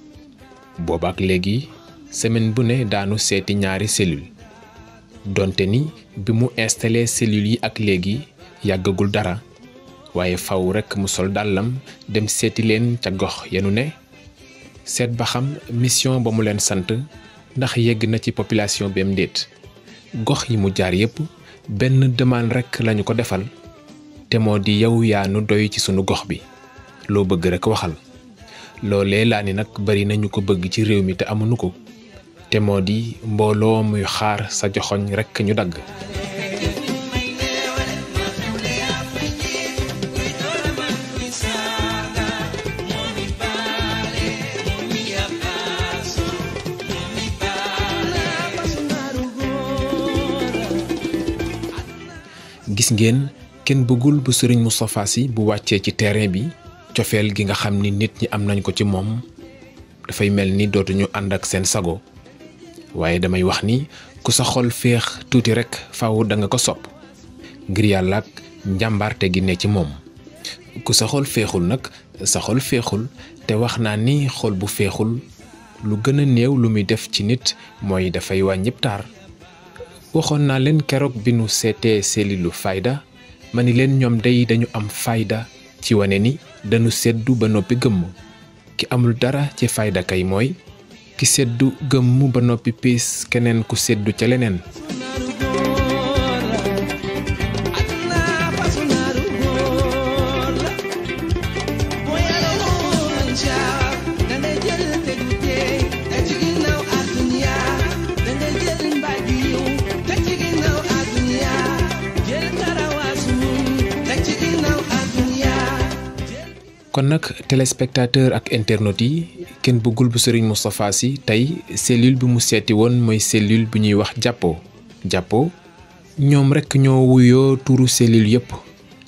boobaak léegi semaine bu ne daanu seeti ñaari cellule donte ni bi mu installé cellules yi ak léegi yàggagul dara waaye faw rekk mu sol dàllam dem seeti leen ca gox yenu ne seet ba xam mission ba mu leen sant ndax yegg na ci population bem déet gox yi mu jaar yépp benn demande rekk lañu ko defal te moo di yow yaa nu doy ci sunu gox bi loo bëgg rekk waxal loolee laa ni nag bari nañu ko bëgg ci réew mi te amuñu ko te moo di mbooloo muy xaar sa joxoñ rekk ñu dagg gis ngeen kenn bëggul bu sëriñ Moustapha Sy bu wàccee ci terrain bi cofeel gi nga xam ni nit ñi am nañ ko ci moom dafay mel ni dootuñu ànd ak seen sago waaye damay wax ni ku sa xol féex tuuti rekk faaw da nga ko sopp ngir yàlla ak njàmbaarte gi ne ci moom ku sa xol féexul nag sa xol féexul te wax naa ni xol bu féexul lu gën a néew lu muy def ci nit mooy dafay wàññib taar waxoon naa leen keroog bi nu seetee selilu fayda ma ni leen ñoom day dañu am fayda ci wane ni dañu seddu ba noppi gëmm ki amul dara ci fayda mooy ki seddu gëmm ba noppi piis keneen ku seddu ca leneen kon nak téléspectateur ak internautes yi bugul bëggul bu serigne selul si tay cellule bi mu Japo, won nyomrek cellule bu ñuy wax jappo jappo ñom rek ño wuyo turu cellule yépp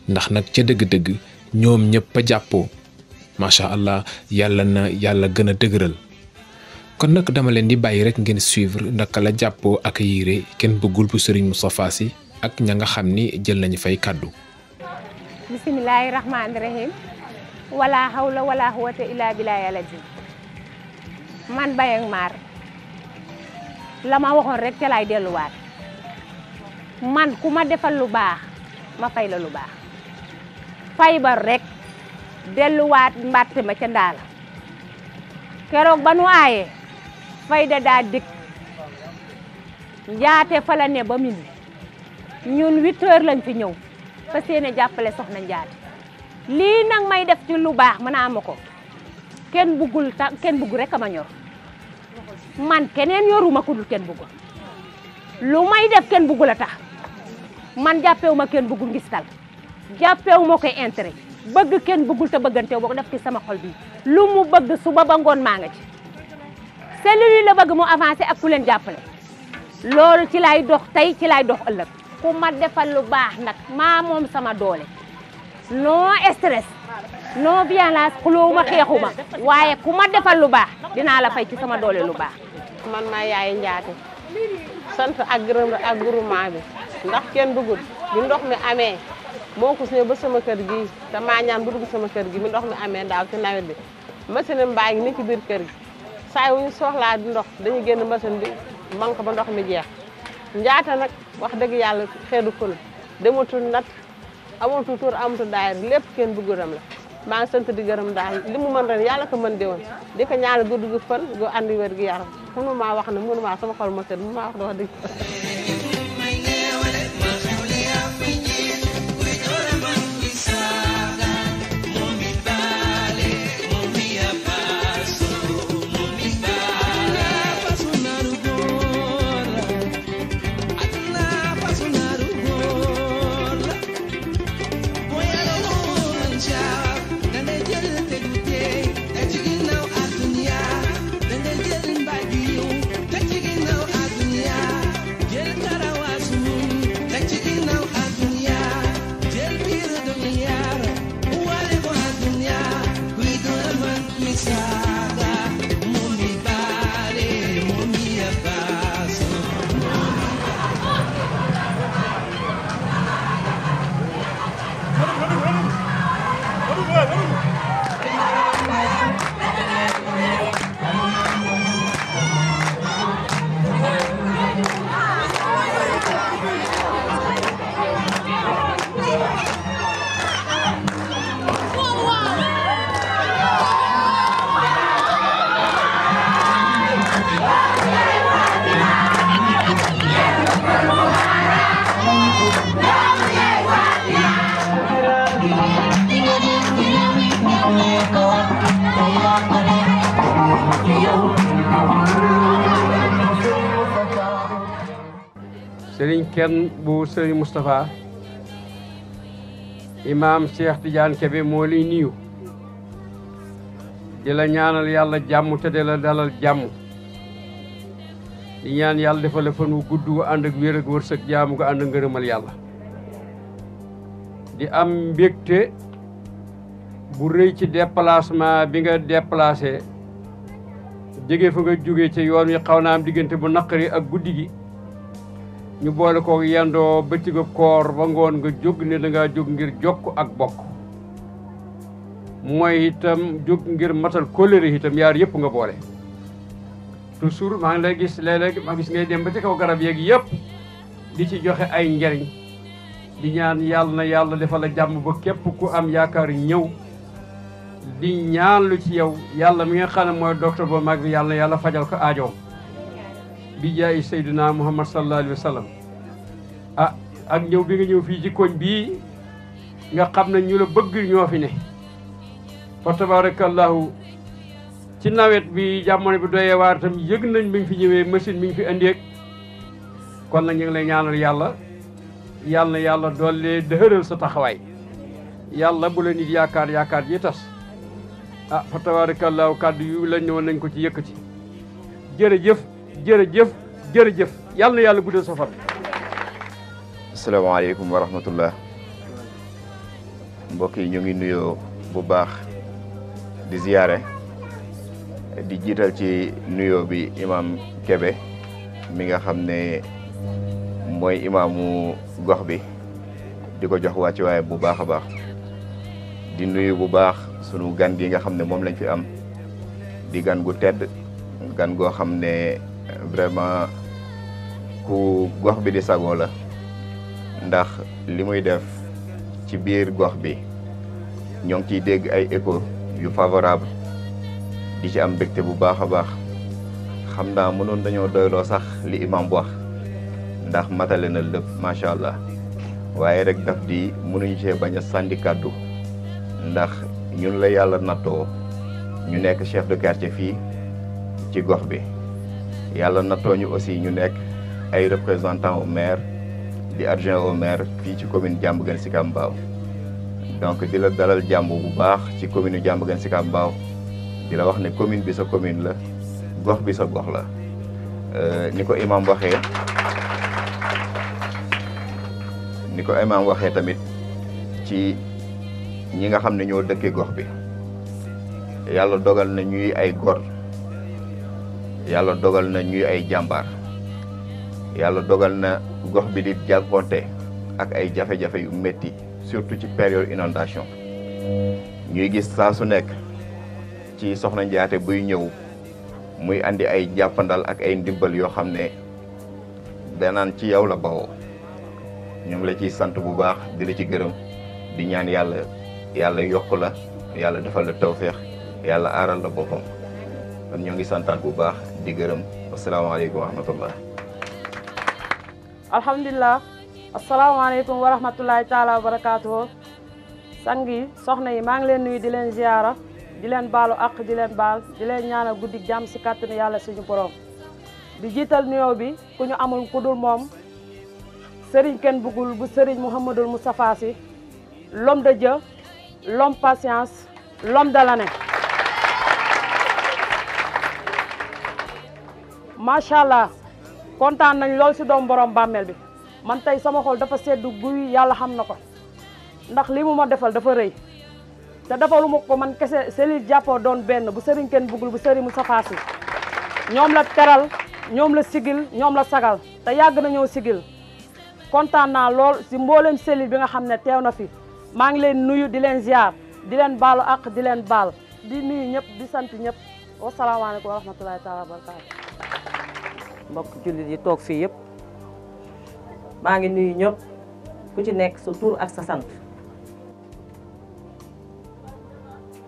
ndax nak ci deug deug ñom ñépp a allah yalla na yalla gëna a kon nak dama leen di bayyi rek ngeen suivre naka la jappo ak yiire kenn bëggul bu serigne mustapha si ak ña nga jël nañ fay kaddu bismillahirrahmanirrahim wala hawla wala quwwata illa billahi alazim man Bayang Maar la ma waxoon rekk ca laay delluwaat man ku ma defal lu baax ma fay la lu baax fay ba rek delluwaat mbàtt ma ca daal keroog ba nu aaye fayda daa dikk njaate fa la ne ba minuit ñun huit heures lañ fi ñëw fa seen jàppale soxna njaate li nang may def ci lu bax mën ken bugul ta ken bugg rek ma ñor man keneen yoruma ko dul ken bugu lu may def ken bugu la tax man jàppewuma ken buggul ngistal jappewuma ko intérêt bëgg ken bugul ta bëggante bok def ci sama xol bi lu mu bëgg suba ba ngon ma nga ci celui la bëgg mu avancer ak ku len jàppale lolu ci lay dox tay ci lay dox ëlëk ku ma defal lu bax nak ma mom sama doole non stress non violence xulóowuma xeexuma waaye ku ma defal lu baax dinaa la fay ci sama doole lu baax. man maa yaay njaate sant ak gërëm ak groupement bi ndax kenn dugul di ndox mi amee moo ko ba sama kër gi te maa ñaan bu dugg sama kër gi bi ndox mi amee daaw ci nawet bi machine mbaa ngi ni ci biir kër gi saa wu ñu soxlaa di ndox dañuy génn machine bi man ko ba ndox mi jeex njaata nag wax dëgg yàlla xeetu ko la dematul nat amul tuutur amatul daayir lépp kenn bu gërëm la maa ngi sant di gërëm daal li mu mën ren yàlla ko mën de woon di ko ñaanal gudd gu fan gu andi wér gi yaram mënu maa wax ne mënu maa sama xol ma sedd mënu maa wax doo dëgg Sering Ken bu Sering Mustafa imam Cheikh Tidiane Kebe moo niu niyu di la ñaanal Jamu. dalal di ñaan yàlla defal la fan wu gudd gu ànd ak wér ak wërsëg jaamu gu ànd ak ngërëmal yàlla di am mbégte bu rëy ci déplacement bi nga déplacé jóge fa nga jóge ci yoon wi xaw naam am diggante bu naqari ak guddi gi ñu boole ko yendoo bëccëg koor ba ngoon nga jóg ne da jóg ngir jokk ak bokk mooy itam jóg ngir matal kóllëre itam yaar yëpp nga boole toujours maa ngi lay gis léeg-léeg ma gis ngay dem ba ci kaw garab yeeg yëpp di ci joxe ay njariñ di ñaan yàlla na yàlla defal la jàmm ba képp ku am yaakaar ñëw di ñaan lu ci yow yàlla mi nga xam mooy docteur ba mag bi yàlla na yàlla fajal ko aajoom bi jaay sayduna muhammad sallallahu alayhi wa sallam ah ak ñëw bi nga ñëw fii ci koñ bii nga xam ne ñu bëgg ñoo fi ne fa ci nawet bi jamono bi doyee waar itam yëg nañ bi fi ñëwee machine bi ñu fi indi kon nag ñu ngi lay yàlla yàlla na yàlla doole dëhëral sa taxawaay yàlla bu la yaakaar yaakaar ji tas ah fa tabaarakallaahu kàddu yu lañ ñëwoon nañ ko ci yëkkati jërëjëf jërëjëf jërëjëf yàlla na yàlla guddal sa fan. asalaamaaleykum wa rahmatullah mbokk yi ñu bu baax di ziyaare. di jiital ci nuyoo bi imam Kebe mi nga xam ne mooy imaamu gox bi di ko jox wàcc waaye bu baax a baax di nuyu bu baax sunu gan gi nga xam ne moom lañ fi am di gan gu tedd gan goo xam ne vraiment ku gox bi di sagoo la ndax li muy def ci biir gox bi ñoo ngi ciy dégg ay écho yu favorable di ci am mbégte bu baax a baax xam naa mënoon dañoo doyloo sax li imam bu wax ndax matale na lépp macha allah waaye rek daf di mënuñ cee bañ a sànni kàddu ndax ñun la yàlla nattoo ñu nekk chef de quartier fii ci gox bi yàlla nattoo ñu aussi ñu nekk ay représentant au maire di adjoint au maire fii ci commune jàmb Diamaguène Sicap Mbao donc di la dalal jàmb bu baax ci commune jàmb Diamaguène Sicap Mbao di la wax ne commune bi sa commune la gox bi sa gox la euh, ni ko imam waxee ni ko imam waxee tamit ci ñi nga xam ne ñoo dëkkee gox bi yàlla dogal na ñuy ay gor yàlla dogal na ñuy ay jàmbaar yàlla dogal na gox bi di jànkonte ak ay jafe-jafe yu metti surtout ci période inondation ñuy gis saa su nekk ci soxna njaate buy ñew muy andi ay jappandal ak ay ndimbal yo xam ne danaan ci yaw la bawoo ñu ngi la ci sant bu baax di la ci gëreum di ñaan yalla yalla yokk la yalla defal la tawfiq yalla aral la bopam ñu ngi santaat bu baax di assalamu alaykum wa rahmatullah assalamu alaykum wa rahmatullahi taala wa barakatuh sangi soxna yi ma ngi leen nuyu di leen ziyaara di len balu ak di len bal di len ñaanal guddi jam ci katunu yalla suñu borom di jital nuyo bi ku ñu amul ku dul mom serigne ken bugul bu serigne Muhammadul mustafa Sy lom de Dieu lom patience lom de l'année macha allah kontaan nañ lol ci dom borom bammel bi man tay sama xol dafa seddu guuy yalla xam nako ndax limu ma defal dafa reuy te defaluma ko man kessé Cellule jàppoo don ben bu sëriñ kenn bugul bu sëriñ Moussa Sy ñom la téral ñom la sigil ñom la sagal té yag na ñoo sigil contant na lool ci mbooleem cellule bi nga xamné ne na fi ma ngi leen nuyu di leen ziar di leen balu ak di leen bal di nuyu ñep di sant salaamu alaykum wa rahmatullahi taala wa barakaatu mbokk jullit yi tok fi yëpp ma ngi nuyu ñep ku ci nekk su tour ak sa sant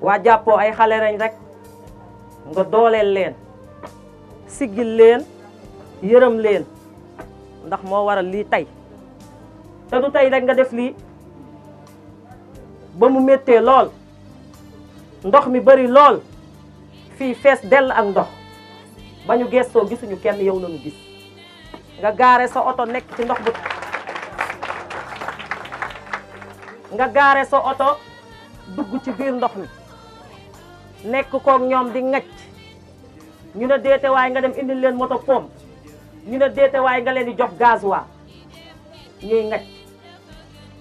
waa jàppoo ay xale lañ rek nga dooleel leen siggil leen yërëm leen ndax moo waral lii tey te du tey rek nga def lii ba mu méttee lool ndox mi bari lool fii fees dell ak ndox ba ñu gestoo gisuñu kenn yow lañu gis nga gaare sa oto nekk ci ndox bu nga gaare soo oto dugg ci biir ndox mi nekk kook ñoom di ŋacc ñu ne déetewaay nga dem indil leen moto pompe ñu ne déetewaay nga leen di jox gaz waa ñuy ŋacc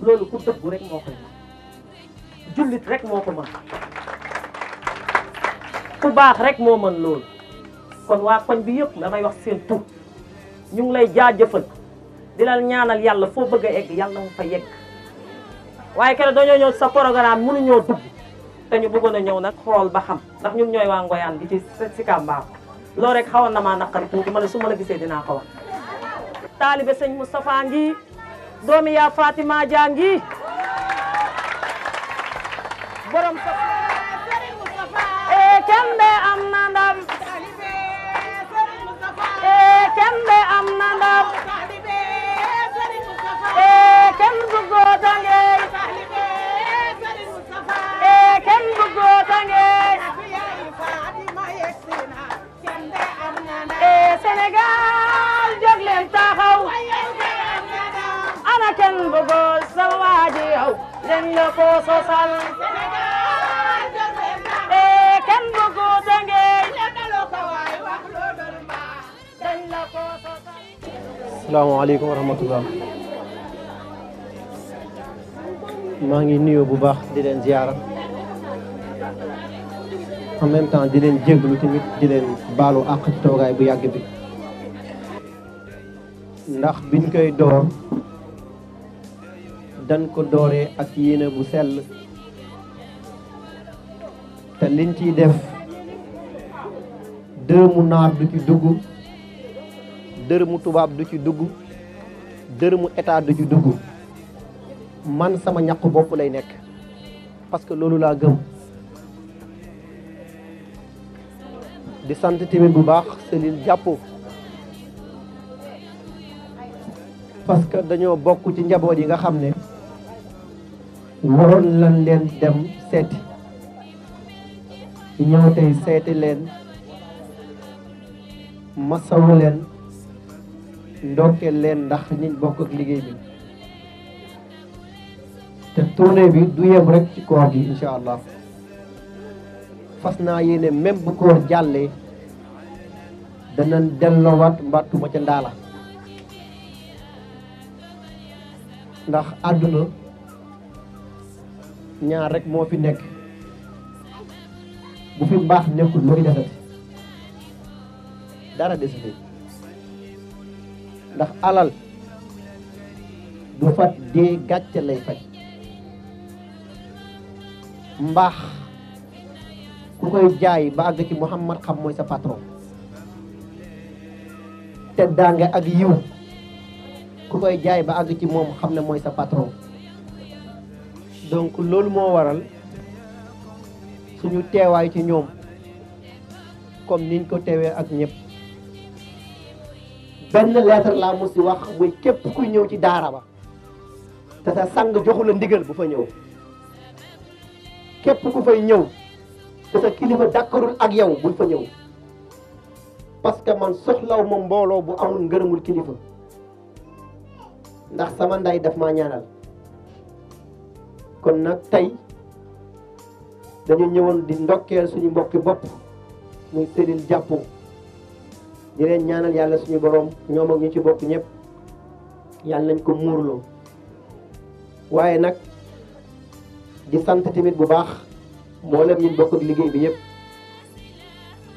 loolu ku dëggu rek moo koy mën jullit rek moo ko mën ku baax rek moo mën loolu kon waa koñ bi yëpp dafay wax seen tur ñu ngi lay jaajëfal di la ñaanal yàlla foo bëgg a egg yàlla nga fa yegg waaye keroog dañoo ñëw sa programme mënuñoo dugg te ñu bëggoon a ñëw nag xool ba xam ndax ñun ñooy waa ngoyaan gi ci Sicap Mbao lool rek xawoon na maa naqari tuuti ma ne su ma la gisee dinaa ko wax taalibe sëñ Moustapha ngi doomi yaa Fatima Dia ngi Singapore social Eh kan Assalamu alaikum warahmatullah maa ngi nuyu bu baax di leen ziara en même temps di leen jéggalu tamit di bu bi ndax biñ koy door dan ko dooree ak yéene bu sell te liñ ciy def dërëmu naar du ci dugg dërëmu tubaab du ci dugg dërëmu état du ci dugg man sama ñaqu bopp lay nekk parce que loolu laa gëm di sant tamit bu baax Cellule Diapo parce que dañoo bokk ci njaboot yi nga xam ne waroon lan leen dem seeti ñëw seeti leen masawu leen ndokkeel leen ndax niñ bokk ak liggéey bi te tournée bi du yem rek ci koor gi incha allah fas naa yéene même bu koor jàllee danañ delloowaat mbàttu ma ca ndaala ndax àdduna ñaar rek moo fi nekk bu fi mbaax nekkul mooy fi dara desu fi ndax alal du fat dee gàcce lay faj mbaax ku koy jaay ba àgg ci Muhammad xam mooy sa patron teddaange ak yiw ku koy jaay ba àgg ci moom xam ne mooy sa patron donc loolu moo waral suñu teewaayu ci ñoom comme niñ ko teewee ak ñëpp benn lettre laa mos di wax muy képp kuy ñëw ci daara ba te sa sang joxu la ndigal bu fa ñëw képp ku fay ñëw te sa kilifa dakkarul ak yow bul fa ñëw parce que man soxlaw ma mbooloo bu amul ngërëmul kilifa ndax sama ndey daf maa ñaanal kon nag tey dañu ñëwoon di ndokkeel suñu mbokki bopp muy sëriñ jàppu di leen ñaanal yàlla suñu borom ñoom ak ñu ci bokk ñëpp yàlla nañ ko muurloo waaye nag di sant tamit bu baax mboolem ñu bokk ak liggéey bi yëpp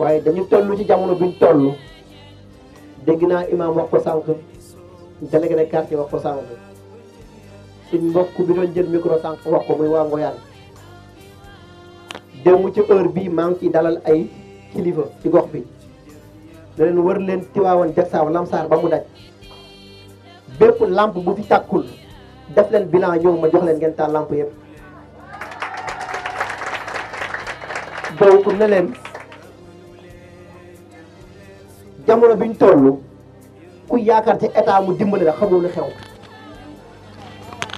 waaye dañu toll ci jamono biñ toll dégg naa imaam wax ko sànq délégué de quartier wax ko sànq ci mbokk bi doon jël micro sànq wax ko muy waa Ngoyane démb ci heure bii maa ngi ciy dalal ay kilifa ci gox bi ne leen wër leen Tiwaawan Jaksaaw Lamsaar ba mu daj bépp lamp bu fi def leen bilan ñëw ma jox leen ngeen taal lamp yëpp donc ne leen jamono biñ toll ku yaakaar ci état mu dimbali la xamul lu xew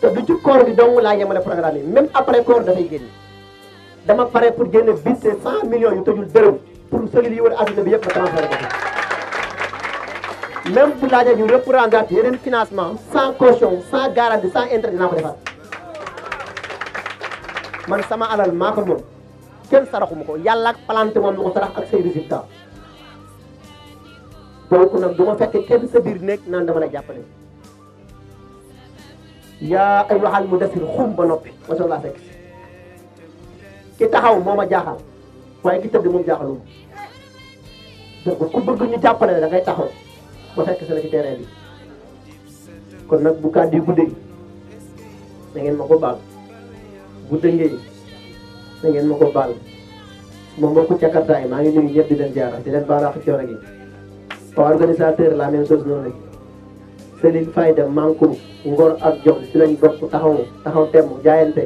te du ci koor bi dong laa yemale programme yi même après koor dafay génn dama pare pour génne bis te cent millions yu tëjul dërëm pour cellules yi wër adduna bi yëpp ma transféré ko même bu laajee ñu reprendre yeneen financement sans caution sans garantie sans intérêt dinaa ko defar man sama alal maa ko moom kenn saraxuma ko yàlla ak planté moom la ko sarax ak say résultat donc nag du ma fekk kenn sa biir nekk naan dama la jàppale ya ay ayyuha mu mudaththir xum ba noppi wa soog laa fekk ki taxaw moma jaxal way ki tebbi mom jaxalu jaaxaluma ko ku bëgg ñu jappalé da ngay taxaw ba fekk sa la ci terrain bi kon nak bu kaddi yi da ngeen mako ko baal bu dëngee da ngeen mako ko mom moom ci càkkartaay ma ngi nuyu yedd di leen jaara di leen baalaax coono gi waa organisateur la même chose non rek Serigne fayda mankum ngor ak jox si lañ bokk taxaw taxaw temm jaayante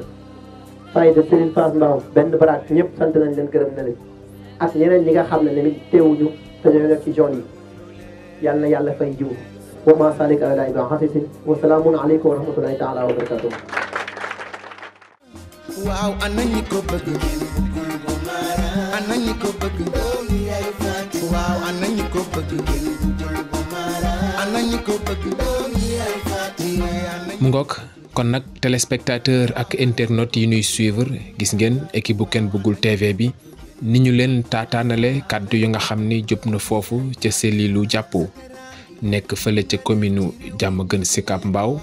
fayda Serigne Fass Mbaw benn baraat ñëpp sant nañ leen gërëm na leen ak ñeneen ñi nga xam ne tamit teewuñu te ñoo nekk ci zone yi yal na yàlla fay jiw wa ma salik ala ibrahim xafisi wa salaamun aleykum wa rahmatullahi taala wa barakatuh waaw ana mu ngook kon nag téléspectateur ak internautes yi ñuy suivre gis ngeen équipe bu kenn bëggul TV bi ni ñu leen taataanale kàddu yu nga xam ni jub na foofu ca selilu jàppoo nekk fële ca commune jàmm gën Sicap Mbao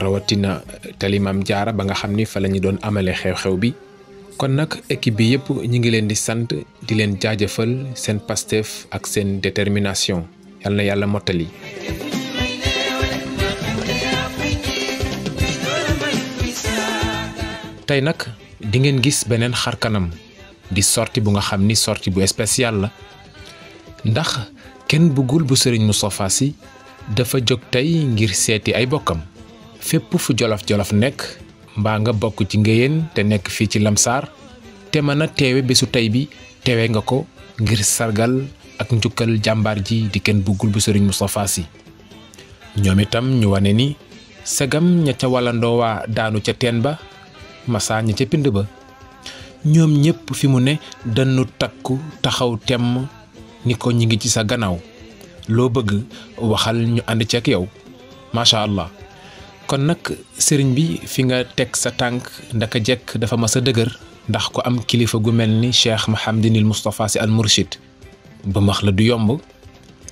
rawatina Talimam Jaara ba nga xam ni fa lañu doon amale xew-xew bi kon nag équipe bi yépp ñu ngi leen di sant di leen jaajëfal seen Pastef ak seen détermination yalla yalla motali tay nak di ngeen gis benen xar kanam di sorti bu nga xamni sorti bu spécial la ndax ken bugul bu serigne Moustapha si dafa jog tay ngir seti ay bokam fepp fu jolof-jolof nek mba nga bok ci ngéyeen te nek fi ci lamsar te mana tewe besu tay bi tewe nga ko ngir sargal ak njukkal jambar ji di kenn buggul bu serigne mustapha si ñom itam ñu wane ni sagam ña ca walando wa daanu ca ten ba massa ña ca pind ba ñom ñepp fi mu ne danu takku taxaw tem ni ko ñi ngi ci sa gannaaw lo bëgg waxal ñu and ci ak yow sha allah kon nak serigne bi fi nga tek sa tank ndaka jek dafa mas a ndax ko am kilifa gu melni ni cheikh Mouhamadinil mustapha si al Murshid. ba max la du yomb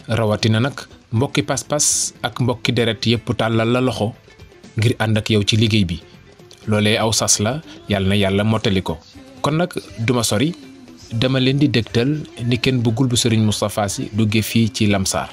rawatina nag mbokki pas-pas ak mbokki deret yépp tàllal la loxo ngir ànd ak yow ci liggéey bi loolee aw sas la yàlla na yàlla mottali ko kon nag duma sori dama leen di dégtal ni kenn bëggul bu Serigne Moustapha Sy duggee fii ci Lamsar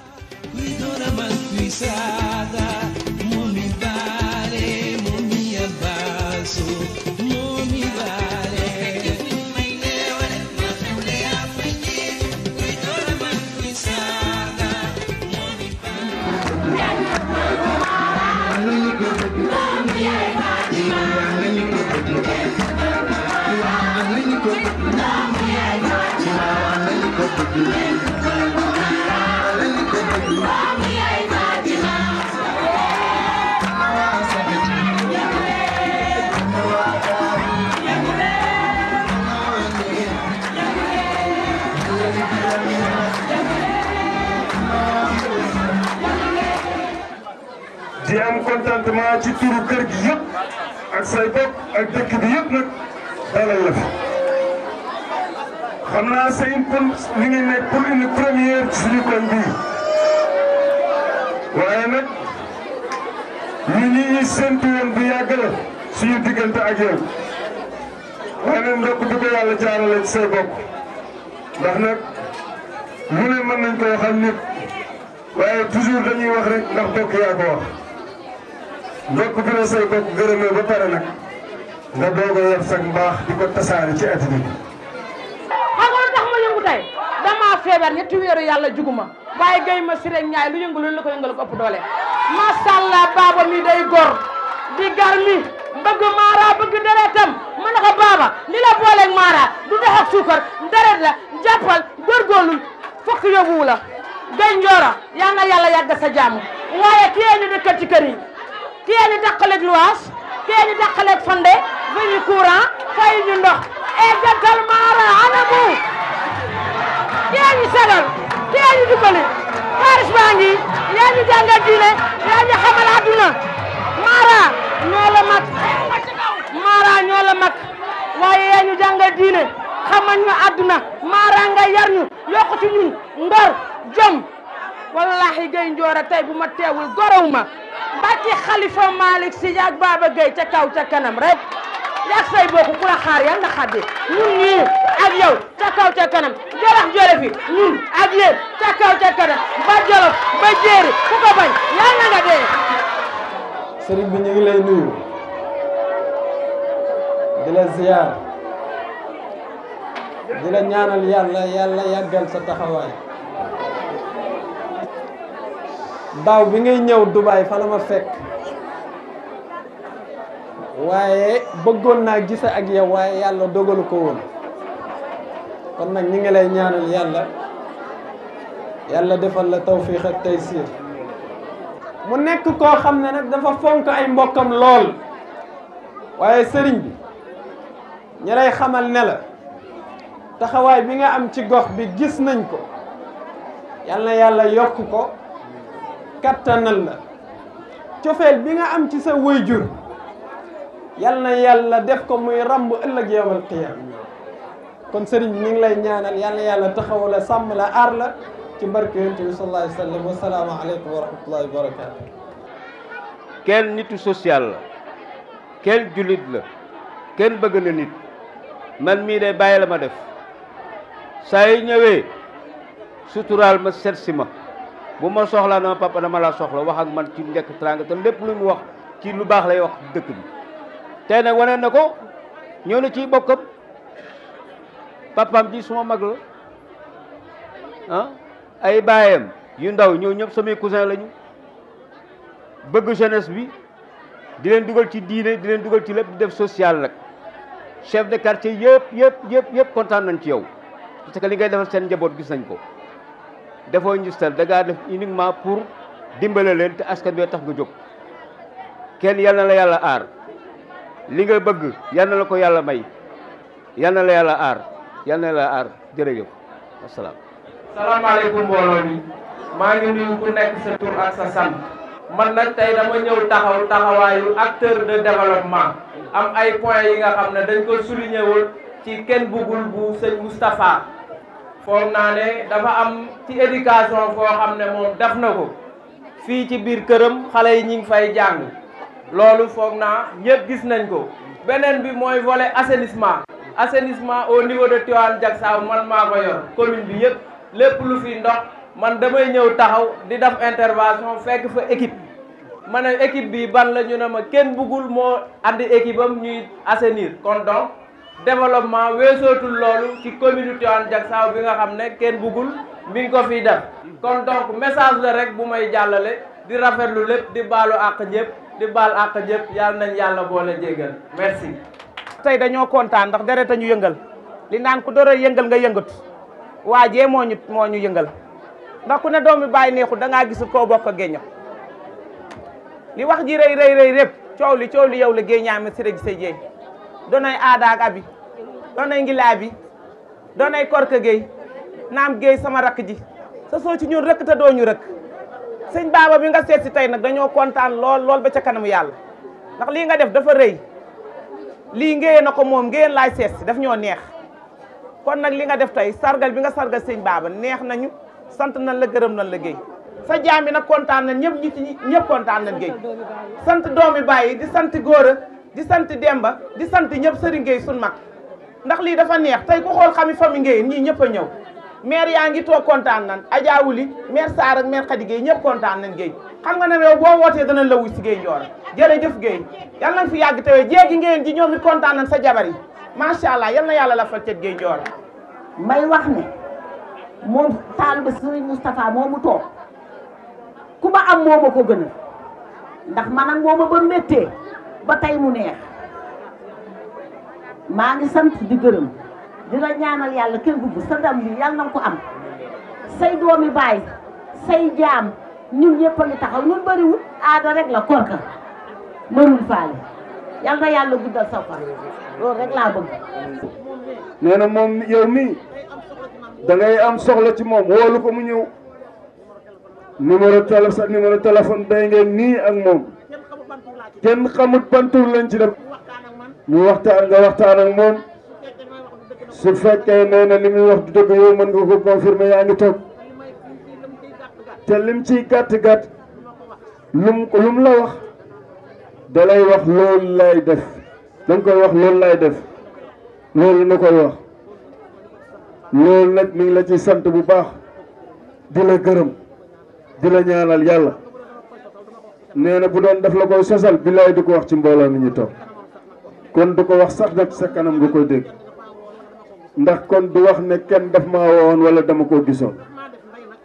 contentement ci turu kër gi yëpp ak say bopp ak dëkk bi yëpp nag dalal la fi xam naa sayin pour li ngi nekk pour une première ci suñu koñ bii waaye nag ñu ñi ñuy séntu woon bu yàgg la suñu diggante ak yow waaye nag ndokk di ko yàlla jaarale ci say bopp ndax nag lu ne mën nañ ko waxal nit waaye toujours dañuy wax rek ndax bokk yaa ko wax bokk fi la say gërëmee ba pare nag nga doog a yor mbaax di ko tasaare ci àddina bi. xam nga tax ma yëngu tey damaa feebar ñetti weeru yàlla juguma waaye gay ma si rek ñaay lu yëngu lu ko yëngal ko doole. macha baaba mi day gor di gar mi bëgg maara bëgg deretam mën na baaba li la booleeg maara du dox suukar deret la jàppal góorgóorlul fokk yóbbuwu gay njoora yaa nga yàlla yàgg sa jàmm waaye kii ñu dëkkat ci kër kee ñu dàqaleeg luwaas kee ñu dàqaleeg fande fayu courant fayu ñu ndox eggatal maara anamu kee ñu segal kee ñu dimbali xaalis baa ngi yaa ñu jàngal diine yaa ñu xamal àdduna maara ñoo la mag maara ñoo la mag waaye yaa ñu jàngal diine xamal ñu àdduna maara nga yar ñu yokku ci ñun ngor jom wallahi Gueye Ndioro tey bu ma teewul gorow ma bàkki xalifa Malick si yaag Baba Gueye ca kaw ca kanam rek yaag say bokku ku la xaar yal na xaddi ñun ñii ak yow ca kaw ca kanam jolof jolof yi ñun ak yéen ca kaw ca kanam ba jolof ba jéeri ku ko bañ yal na nga dee sëriñ bi ñu ngi lay nuyu di la ziyaar di la ñaanal yàlla yàlla yàggal sa taxawaay daaw bi ngay ñëw Dubaay fa la ma fekk waaye bëggoon naa gise ak yow waaye yàlla dogalu ko woon kon nag ñu ngi lay ñaanal yàlla yàlla defal la tawfiix ak taysiir mu nekk koo xam ne nag dafa fonk ay mbokkam lool waaye sëriñ bi ñi lay xamal ne la taxawaay bi nga am ci gox bi gis nañ ko yàlla yàlla yokk ko kattanal la cofeel bi nga am ci sa wayjur yal na yàlla def ko muy ramb ëllëg yowal ñu ngi lay ñaanal yal yàlla taxaw la sàmm ci barke yonent bi sallallahu alayhi wa wa salaamu kenn nitu social la kenn jullit la kenn bëgg na nit man mii de bàyyi la ma def saa yu ñëwee suturaal ma set ma bu ma soxlaa dama papa dama la soxla wax ak man ci njëkk teraanga te lépp lu mu wax ci lu baax lay wax dëkk bi te nag wane na ko ñëw na ciy bokkam papaam ji suma mag la ah, ay baayam yu ndaw ñëw ñëpp samay cousin lañu bëgg jeunesse bi di leen dugal ci diine di leen dugal ci lépp di def social nag chef de quartier yëpp yëpp yëpp yëpp kontaan nañ ci yow parce que li ngay defal seen njaboot gis nañ ko defoo njistal da ngaa def uniquement pour dimbalé len té askan wi tax nga jog kèn yalla la yalla ar li nga bëgg yalla la ko yalla may yalla la yalla ar yalla la ar la aar assalam wasalaam. alaykum mbolo mi ma ngi nuyu ku nekk sa tour ak sa sam man nag tay dama ñëw taxaw taxawayu acteur de développement am ay points yi nga xamne dañ ko souligner wul ci kenn bëggul bu seigne mustapha foog naa ne dafa am ci éducation foo xam ne moom def na ko fii ci biir këram xale yi ñu ngi fay jàng loolu foog naa ñëpp gis nañ ko beneen bi mooy vole assainissement assainissement au niveau de Tivaouane Diacksao man maa ko yor commune bi yëpp lépp lu fi ndox man damay ñëw taxaw di def intervention fekk fa équipe ma ne équipe bi ban la ñu ne ma kenn bëggul moo andi équipe am ñuy assainir kon développement wessotul lolu ci commune Tivaouane Diacksao bi nga xamné ne bugul mi ngi ko fi def kon donc message la rek bu may jallalé di rafetlu lepp di balu ak ñepp di bal ak ñepp yàlla nañ yàlla boole jéggal merci. tay dañoo contane ndax deret ñu yëngal li naan ku doro yëngal nga yëngut waajé mo ñu mo ñu yëngal ndax ku ne doomi bàyyi neexu da nga gis ko bokk geñu li wax ji reey reey reey rep ciow li ciow li yow la geñaam si rek donay aadaak abi donay ngilaa bi donay korka géey naam géey sama rakk ji sa soo ci ñun rëkk te doo ñu rëkk sëñ baaba bi nga seet si tey nag dañoo kontaan lool lool ba ca kanamu yàlla ndax lii nga def dafa rëy lii ngéyee na ko moom ngéyeen laay seet si daf ñoo neex kon nag li nga def tey sargal bi nga sargal sëñ baaba neex nañu sant nañ la gërëm nañ la géey sa jaam bi nag kontaan nañ ñëpp ñi ci ñëpp kontaan nañ géey sant doomi bàyyi di sant góora di sant Demba di sant ñëpp Serigne Gueye suñ mag ndax lii dafa neex tey ku xool xami famille Gueye ñii ñëpp ñëw maire yaa ngi toog kontaan nan Adja Wuli maire Sarr ak maire Khady ñëpp kontaan nañ Gueye xam nga ne yow boo wootee danañ la wuy si Gueye Ndioro jërëjëf Gueye yal nañ fi yàgg tewee gi ngeen ji ñoom it kontaan nañ sa jabar yi macha allah yal yàlla la fal cet Gueye Ndioro may wax ne moom taaliba Serigne Moustapha moomu toog ku ma am mooma ko gënal ndax man ak mooma ba tey mu neex maa ngi sant di gërëm di ñaanal yàlla kër gubb sa ndam bi yàlla na ko am say doomi baay say jaam ñun ñëpp a taxaw ñun bëriwul aada rek la korka mënul faale yàlla na yàlla guddal sa fan loolu rek laa bëgg nee na moom yow mii da am soxla ci moom woolu ko mu ñëw numéro téléphone numéro téléphone bay ngeen nii ak moom kenn xamut ban lañ ci def ñu waxtaan nga waxtaan ak moom su fekke neena na li wax du deug yow man nga ko confirmer ya nga tok te lim ci gatt gatt lum lum la wax dalay wax lool lay def dang koy wax lool lay def lool nga koy wax lool nak mi ngi la ci sante bu baax di la gërëm di ñaanal yalla neena bu doon daf la koy sosal billahi diko wax ci mbolo mi ñu tok kon du ko wax sax nag sa kanam nga koy deg ndax kon du wax ne ken daf ma woon wala dama ko gissoon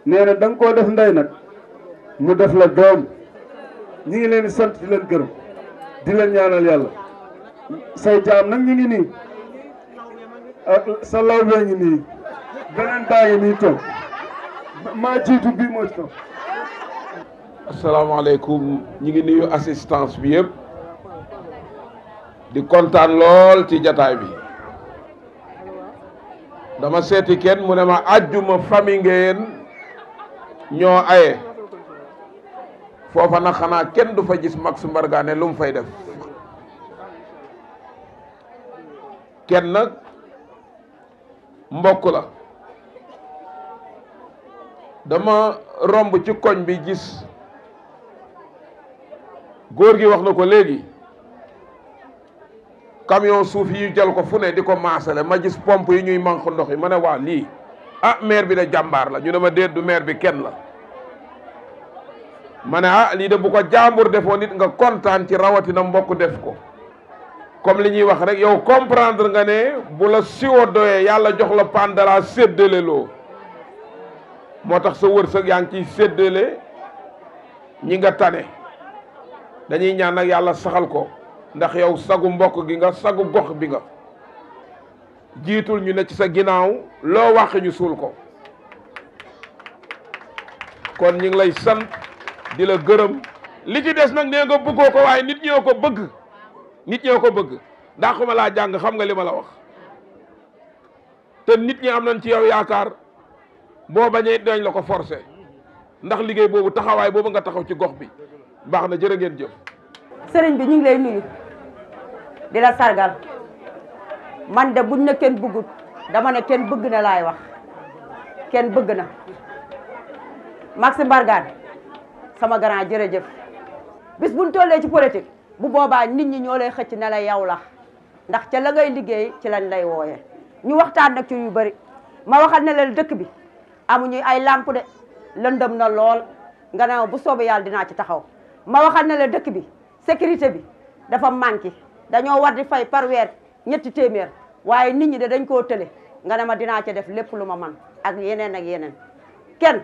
neena dang ko def nday nak mu def la doom ñi ngi leen sant di leen gërëm di leen ñaanal yalla say jaam nak ñi ngi ni ak sa law bee ngi nii beneen baa ngi nii toog maa jiitu Assalamualaikum, ñi ngi nuyu assistance bi yépp di kontaan lool ci jataay bi dama seeti kenn mu ne ma àjjuma famille ngeen ñoo aye foofa na xanaa kenn du fa gis Max Mbargane lu mu fay def kenn nag mbokk la dama romb ci koñ bi gis góor gi wax na ko camion souf yi jël ko fune diko di ma gis pompe yi ñuy mank ndox yi ma wa li ah maire bi da jambar la ñu dama ma du maire bi kenn la mané ah li de bu ko jambour defo nit nga contane ci na mbokk def ko comme li ñuy wax rek yow comprendre nga né bu la siwo doye yalla jox la pandala séddale lo moo sa wërsëg yaa ñi nga tané dañuy ñaan nag yàlla saxal ko ndax yow sagu mbokk gi nga sagu gox bi nga jiitul ñu ne ci sa ginnaaw loo wax ñu suul ko kon ñu ngi lay sant di la gërëm li ci des nag nee nga bëggoo ko waaye nit ñoo ko bëgg nit ñoo ko bëgg ndax ma laa jàng xam nga li ma la wax te nit ñi am nañ ci yow yaakaar boo bañee dañ la ko forcer ndax liggéey boobu taxawaay boobu nga taxaw ci gox bi baax na jërë ngeen jëf. sëriñ bi ñu ngi lay nuyu di la sargal man de buñ ne kenn bëggut dama ne kenn bëgg na laay wax kenn bëgg na Maxime Bargane sama grand jërëjëf bis buñ tollee ci politique bu boobaa nit ñi ñoo lay xëcc ne la yow la ndax ce la ngay liggéey ci lañ lay wooye ñu waxtaan nag ci yu bari ma waxal ne leen dëkk bi amuñu ay làmp de lëndëm na lool nga ne bu soobee yàlla dinaa ci taxaw ma waxal na la dëkk bi sécurité bi dafa manqué dañoo war di fay par weer ñetti téeméer waaye nit ñi de dañ koo tële nga ne ma dinaa ca def lépp lu ma man ak yeneen ak yeneen kenn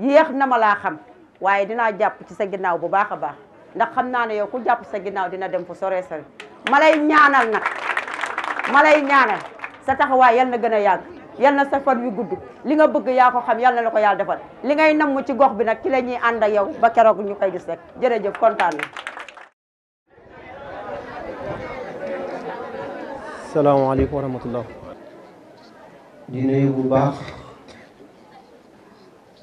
yeex na ma laa xam waaye dinaa jàpp ci sa ginnaaw bu baax a baax ndax xam naa ne yow ku jàpp sa ginnaaw dina dem fu sore sore ma lay ñaanal nag ma lay ñaanal sa taxawaay yal na gën a yàgg yal na sa fan wi li nga bëgg yaa ko xam yal na la ko yàlla defal li ngay namm ci gox bi na ci la ñuy ànd ak yow ba keroog ñu koy gis rek jërëjëf kontaan na. salaamaaleykum wa rahmatullah. di nuyu bu baax.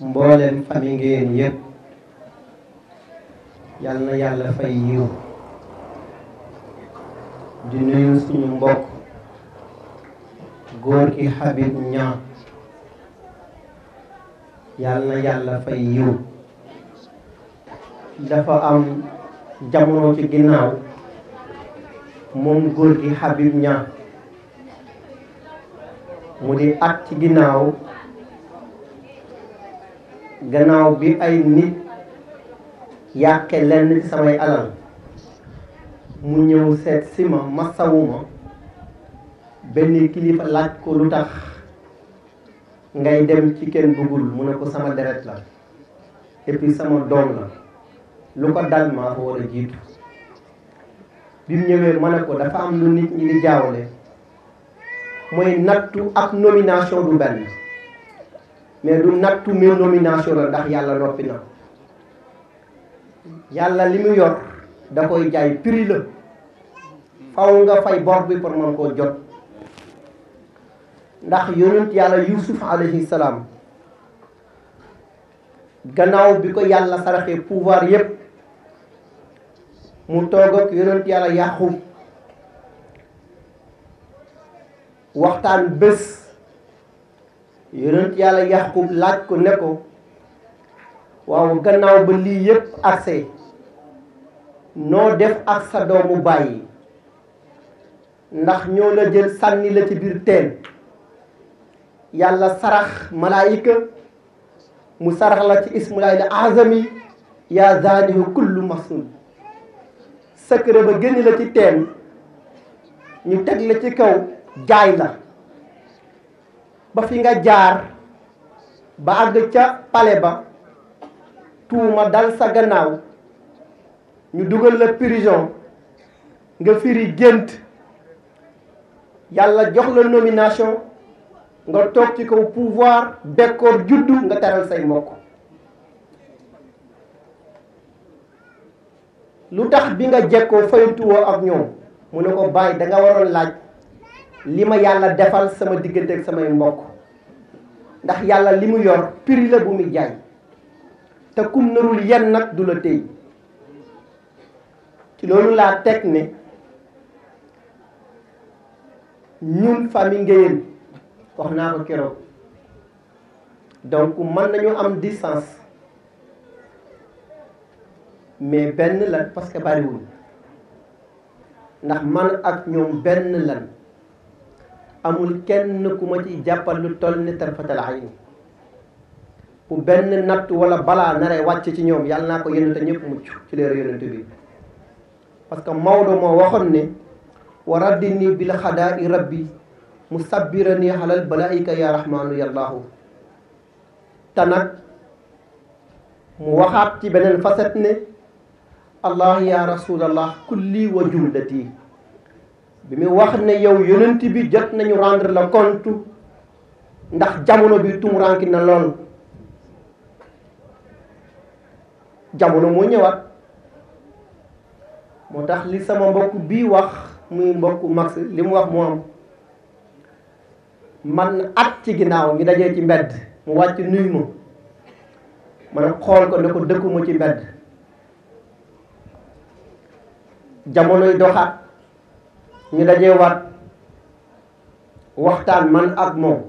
mboolem famille ngeen yépp yal na yàlla fay yiw. di nuyu suñu mbokk. góor gi Habib Niang yàlla na yàlla fay yiw dafa am jamono ci ginnaaw moom góor gi Habib Niang mu di at ci ginnaaw gannaaw bi ay nit yàqe lenn ci samay alal mu ñëw seet si ma masawuma benn kilifa laaj ko lu tax ngay dem ci kenn bëggul mu ne ko sama deret la et puis sama doom la lu ko dal maa war a jiitu bi mu ñëwee ma ne ko dafa am lu nit ñi di jaawale mooy nattu ak nomination du benn mais du nattu mi nomination la ndax yàlla noppi na yàlla li mu yor da koy jaay prix la faw nga fay bor bi pour mën koo jot ndax yonent yàlla yusuf alayhi salaam gannaaw bi ko yàlla saraxee pouvoir yépp mu toog ak yonent yàlla yàqub waxtaan bés yonent yàlla yàqub laaj ko ne ko waaw gannaaw ba lii yépp accès noo def ak sa doomu bàyyi ndax ñoo la jël sànni la ci biir teen yàlla sarax malaayika mu sarax la ci ismulaay la azami yaa zaanihu kullu masun sëkkëre ba génn la ci teen ñu teg la ci kaw jaay la ba fi nga jaar ba àgg ca pale ba tuuma dal sa gannaaw ñu dugal la prison nga firi gént yàlla jox la nomination nga toog ci kaw pouvoir bekkoor juddu nga teral say mbokk lu tax bi nga jekkoo faytuwoo ak ñoom mu ne ko bàyyi da nga waroon laaj li ma yàlla defal sama diggante ak samay mbokk ndax yàlla li mu yor prix la bu muy jaay te kum narul yenn nag du la tey ci loolu laa teg ne ñun famille ngéyeen wax naa ko keroog donc mën nañu am distance mais benn lan parce que bariwul ndax man ak ñoom benn lan amul kenn ku ma ci jàppal lu toll ni tarfatal ayni bu benn natt wala balaa nare wàcc ci ñoom yàlla naa ko yonente ñëpp mucc ci leeru yonente bi parce que Maodo moo waxoon ne wa raddini bil xadaa i rabbi mu sabbirani xalal balaayika yaa rahmaanu yallaahu te nag mu waxaat ci beneen facette ne allah yaa rasulallah kulli wa jumlati bi mu wax ne yow yonent bi jot nañu rendre la compte ndax jamono bi tumuranki na lool jamono moo ñëwaat moo tax li sama mbokk bii wax muy mbokku max li mu wax moo am man at ci ginnaaw ñu dajee ci mbedd mu wàcc nuyu ma ma ne xool ko ne ko dëkkuma ci mbedd jamonoy doxaat ñu dajee waat waxtaan man ak moom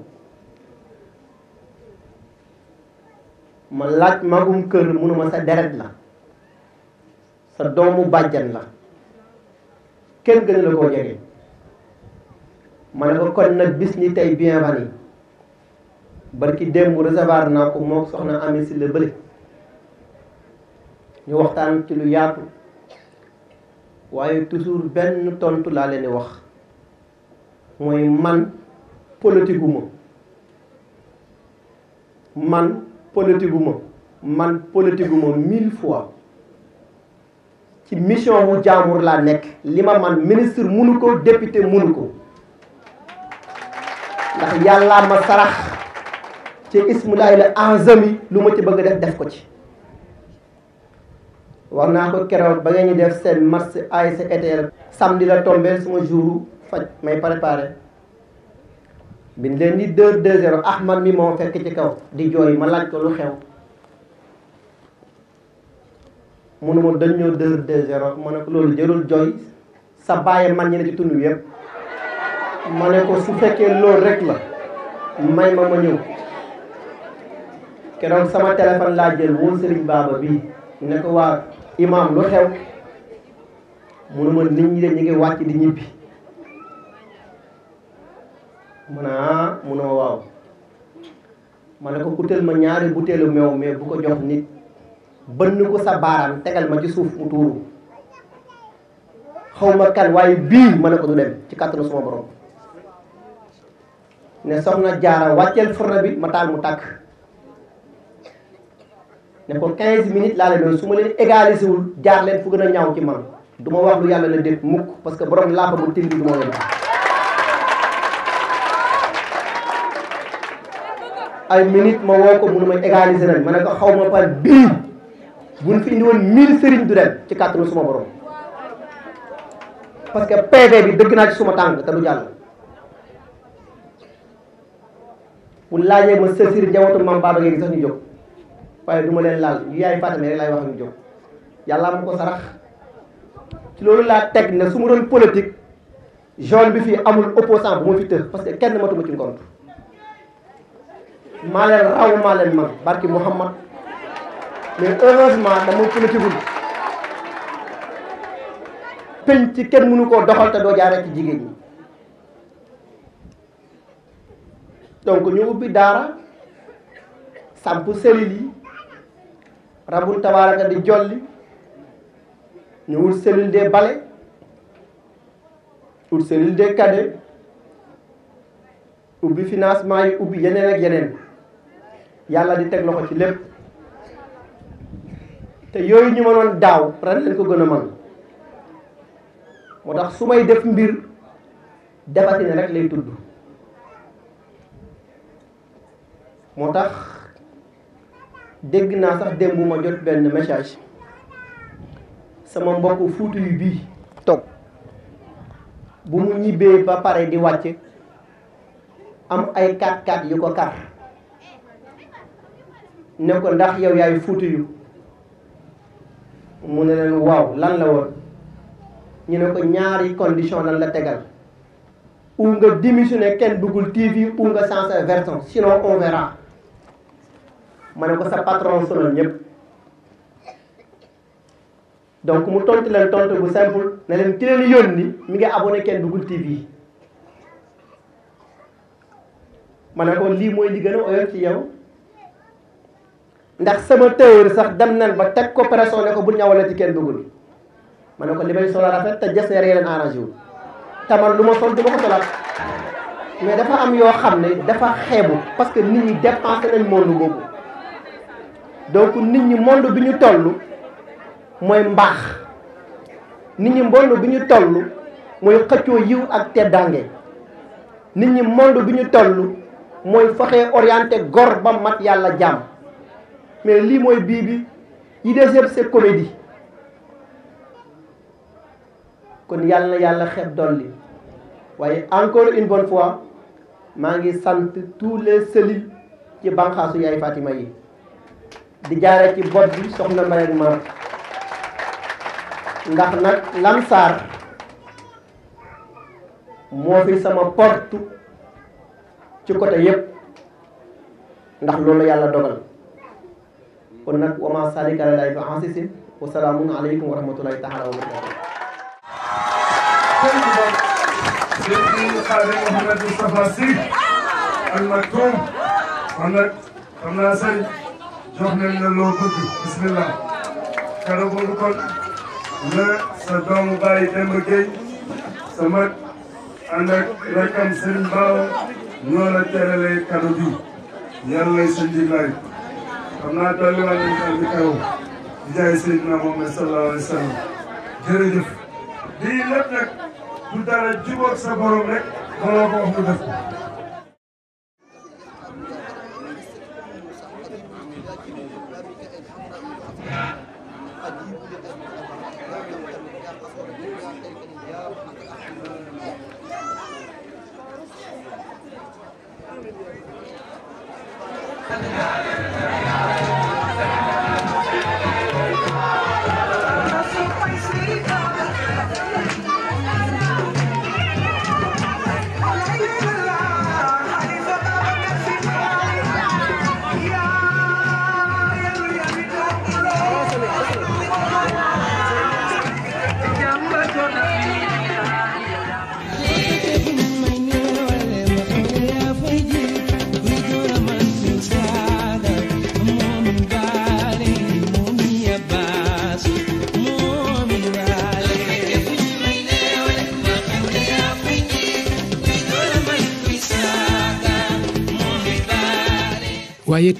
ma laaj magum kër munuma sa deret la sa doomu bàjjan la kenn gën la koo jege ma ne ko kon nag bis ni tey bienvenue barki démb recevoir naa ko moo soxna ami si la bële ñu waxtaan ci lu yaatu waaye toujours benn tontu laa leen di wax mooy man politique ma man politique gu ma man politique gu ma mille fois ci mission wu jaamur laa nekk li ma man ministre munu ko député munu ko ndax yàllaa ma sarax ci ismulaay la enzemi lu ma ci bëgg def def ko ci war naa ko keroog ba ngeen ñu def seen match ASC ETL samedi la tombé suma jour faj may préparé biñ leen di deux deux zéro Ahmad mi moo fekk ci kaw di jooy ma laaj ko lu xew munuma dañ ñoo deux deux zéro ma ne ko loolu jërul jooy sa bàyyi man ñi ne ci tund yëpp mane ko su fekkee loolu rek la may ma ma ñëw keroog sama téléphone laa jël woon Serigne Baba bii ne ko waa imam lu xew munu ma nit ñi de ñu ngi wàcc di ñibbi mu ne ah mu ne waaw ma ne ko kutel ma ñaari butéelu meew mais bu ko jox nit bënn ko sa baaraam tegal ma ci suuf mu tuuru xaw kan waaye bii ma ne ko du dem ci kàttanu suma borom ne soxna jaara wàcceel furna bi ma taal mu tàkk ne ko 15 minutes laa leen doon su ma leen égalisé wul jaar leen fu gën a ñaaw ci man du ma wax lu yàlla la dégg mukk parce que borom làmp bu tindi du ma leen ay minutes ma woo ko mënu ma égalisé nañ ma ne ko xaw ma par bii buñ fi indi woon 1000 sëriñ du dem ci kàttanu suma borom parce que PV bi dëgg naa ci suma tànk te du jàll. bu laajee ma sësir jawatu maam baaba ngay gi sax ñu jóg waaye du ma leen laal yu yaay Faatame rek laay wax ñu jóg yàlla ma ko sarax ci loolu laa teg ne su ma doon zone bi fii amul opposant bu ma fi tëx parce que kenn matuma ci ngont maa leen raw maa leen man barki Mouhamad mais heureusement dama politique wul peñ ci kenn mënu koo doxal te doo jaaree ci jigéen ñi donc ñu ubbi daara samp selil yi rabul tabaaraka di jolli ñu wut cellule des bale wut cellule des cadets ubbi financement yi ubbi yeneen ak yeneen yàlla di teg loxo ci lépp te yooyu ñu mënoon daaw ren lañ ko gën a mën moo tax su may def mbir defati ne rek lay tudd moo tax dégg naa sax démb ma jot benn message sama mbokk fuutu yu bii toog bu mu ñibbee ba pare di wàcc am ay 4-4 yu ko kar ne ko ndax yow yaay fuutu yu mu ne leen waaw lan la woon ñu ne ko ñaari condition lan la tegal ou nga démissionné kenn duggul TV ou nga changer version sinon on verra ma ne ko sa patron sonal ñëpp donc mu tontu leen tontu bu simple ne leen ki leen yónni mi ngi abonné kenn dugul TV ma ne ko lii mooy li gën a oyof ci yow ndax sama tailleur sax dem nañ ba teg ko pression ne ko bu ñawale ci kenn dugul ma ne ko li may solal rafet te jas yare leen arrangé wu te man lu ma sol du ko solaat mais dafa am yoo xam ne dafa xeebu parce que nit ñi dépensé nañ monde boobu donc nit ñi monde bi ñu toll mooy mbaax nit ñi monde bi ñu toll mooy xëccoo yiw ak teddaange nit ñi monde bi ñu toll mooy fexe orienté gor ba mat yàlla jàmm mais lii mooy bii bi yi deuxième c'est comédie kon yàlla na yàlla xeeb dolli waaye encore une bonne fois maa ngi sant tous les cellules ci banqaasu yaay Fatima yi di jaare ci bot bi soxna May ak ndax nag Lansar moo fi sama porte ci côté yépp ndax loolu yàlla dogal kon nag wama salika ala lahi fa ansisin wa salaamun aleykum wa rahmatullahi taala wa barakatu سيدي قاضي محمد مصطفى سي jox nañ la loo bëgg bismillah kàddu boobu kon baay Demba Gueye sa mag ànd ak rakam Serigne la teralee kàddu bi yàlla lay sa ndiglaay xam naa dolliwaat nañ daal di kaw di jaay Seydina Mohamed sallallahu alayhi dara jubóog sa rek balaa mu def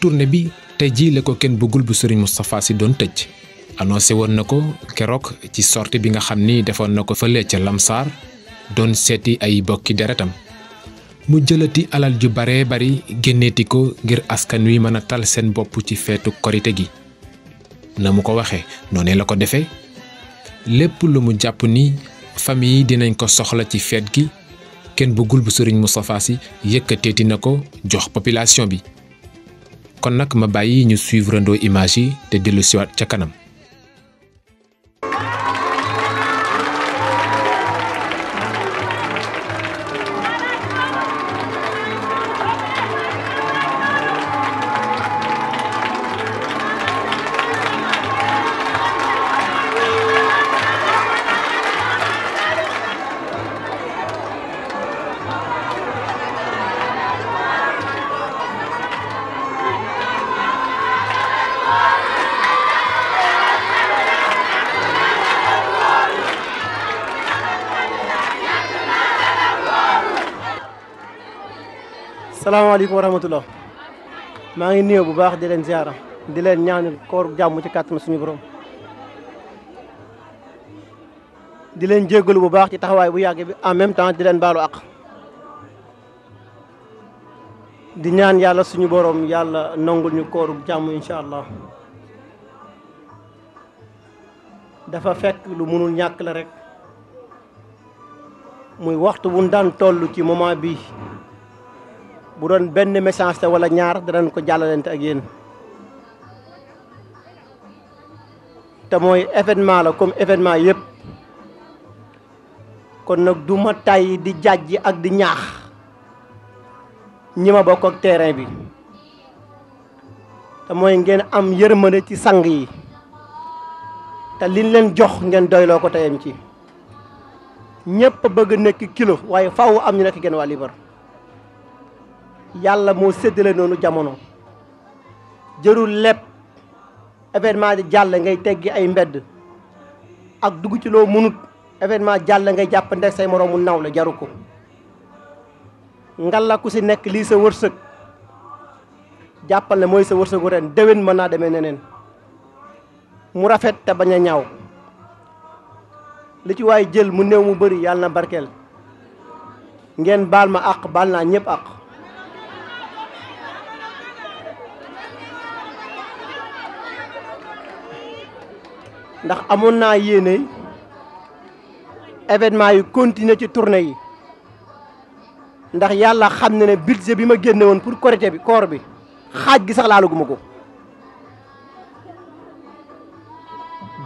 tournée bi te jii la ko kenn bëggul bu Serigne Moustapha Sy doon tëj annoncé woon na ko keroog ci sortie bi nga xam ni defoon na ko fële ca Lamsaar doon seeti ay bokki deretam mu jëlati alal ju baree bari génneeti ko ngir askan wi mën a tal seen bopp ci feetu korite gi na mu ko waxee noonee la ko defee lépp lu mu jàpp ni fami yi dinañ ko soxla ci feet gi kenn bëggul bu Serigne Moustapha Sy yëkkateeti na ko jox population bi. kon nag ma bàyyi ñu suivre ndoo image yi te dellu siwaat ca kanam salaamaaleykum wa rahmatullah maa ngi nuyu bu baax di leen ziara di leen ñaanal koor jàmm ci kàttanu suñu borom di leen jéggalu bu baax ci taxawaay bu yàgg bi en même temps di leen baalu àq di ñaan yàlla suñu borom yàlla nangul ñu kooru jàmm incha allah dafa fekk lu mënul ñàkk la rek muy waxtu bu daan toll ci moment bii bu doon benn message te wala ñaar danañ ko jàllalante ak yéen te mooy événement la comme événement yëpp kon nag duma ma tàyyi di jàjj ak di ñaax ñi ma bokk ak terrain bi te mooy ngeen am yërmande ci sang yi te liñ leen jox ngeen doyloo ko teyam ci ñëpp bëgg nekk kilo waaye faaw am ñu nekk gen waa libar yàlla moo séddale noonu jamono jërul lépp événement jàll ngay teggi ay mbedd ak dugg ci loo mënut événement jàll ngay jàpp ndeg say moroomu naw la jaru ko ngalla ku si nekk lii sa wërsëg jàppal mooy sa wërsëgu ren déwén mën naa demee neneen mu rafet te bañ a ñaaw li ci waay jël mu néew mu bëri yàlla na barkeel ngeen baal ma àq baal naa ñëpp àq ndax amoon naa yéene événement yu continuer ci tournée yi ndax yalla xam ne budget bima ma won pour korité bi koor bi xaj gi sax laalaguma ko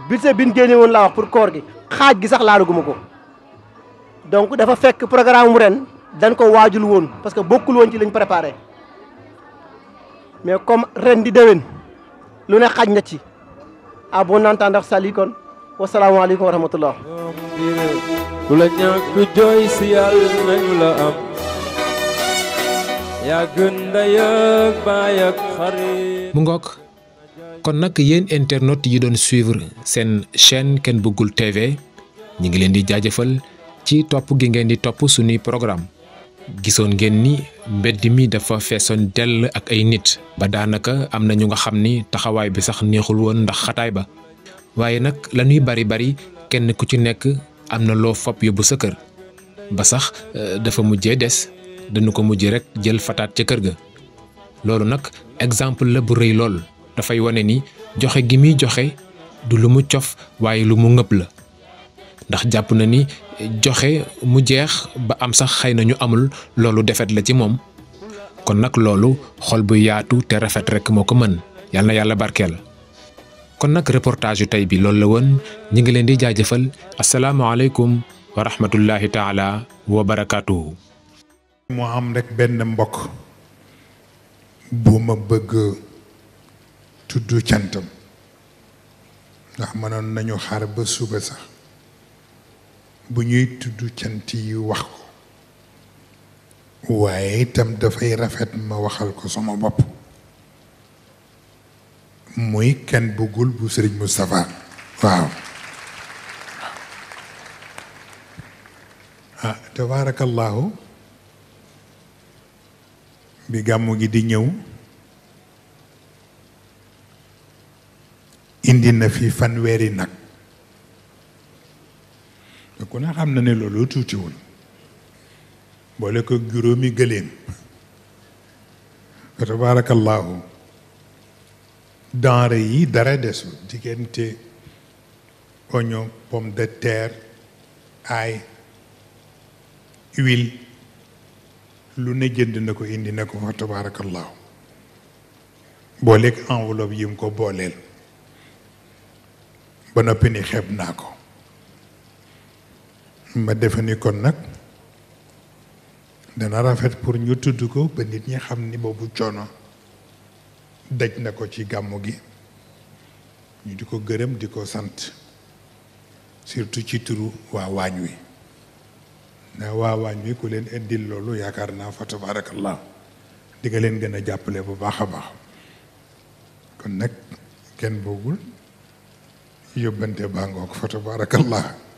budget bi ñu won la wax pour koor gi xaj gi sax laalaguma ko donc dafa fekk programme ren dañ ko wajul won parce que bokul won ci liñ préparer mais comme ren di dewen lu ne xaj na ci à bon Salikon, wassalamu internet yi doon sen chaîne ken bugul tv ñi ngi leen di jaajëfal ci top gi di top programme gisoon ngeen ni mbedd mi dafa feesoon dell ak ay nit ba daanaka am na ñu nga xam ni taxawaay bi sax neexul woon ndax xataay ba waaye nag lañuy bari bari kenn ku ci nekk am na loo fab yóbbu sa kër ba sax euh, dafa mujjee des dañu ko mujj rek jël fataat ca kër ga loolu nag exemple la bu rëy lool dafay wone ni joxe gi muy joxe du lu mu cof waaye lu mu ngëpp la ndax jàpp na ni joxe mu jeex ba am sax xeyna ñu amul lolu defet la ci mom kon nak lolu xol bu yaatu te rafet rek moko mën yàlla na kon nak reportage tay bi lolu la woon ñi ngi leen di assalamu alaykum wa rahmatullahi taala wa barakatuh mo am rek ben mbokk buma bëgg tuddu cantam ndax mënoon nañu xaar ba suba sax bu ñuy tudd cant yi wax ko waaye itam dafay rafet ma waxal ko sama bopp muy kenn bëggul bu sëriñ Moustapha waaw ah tabaarakallaahu bi gàmmu gi di ñëw indi na fi fanweeri nag te ku ne xam na ne loolu tuutiwul boole ko juróomi gëléem fa tabaarakallaahu denre yi dara desul diggante oignon pomme de terre ay huile lu ne jënd na ko indi na ko fa tabaarakallaahu booleeg enveloppe yi mu ko booleel ba noppi ni xeeb naa ko ma defe ni kon nag dana rafet pour ñu tudd ko ba nit ñi xam ni boobu coono daj na ko ci gàmmu gi ñu di ko gërëm di ko sant surtout ci turu waa waañ wi ndax waa waañ wi ku leen indil loolu yaakaar naa fa tabarakallah di nga leen gën a jàppale bu baax a baax kon nag kenn boogul yóbbante baa ngoog fa tabarakallah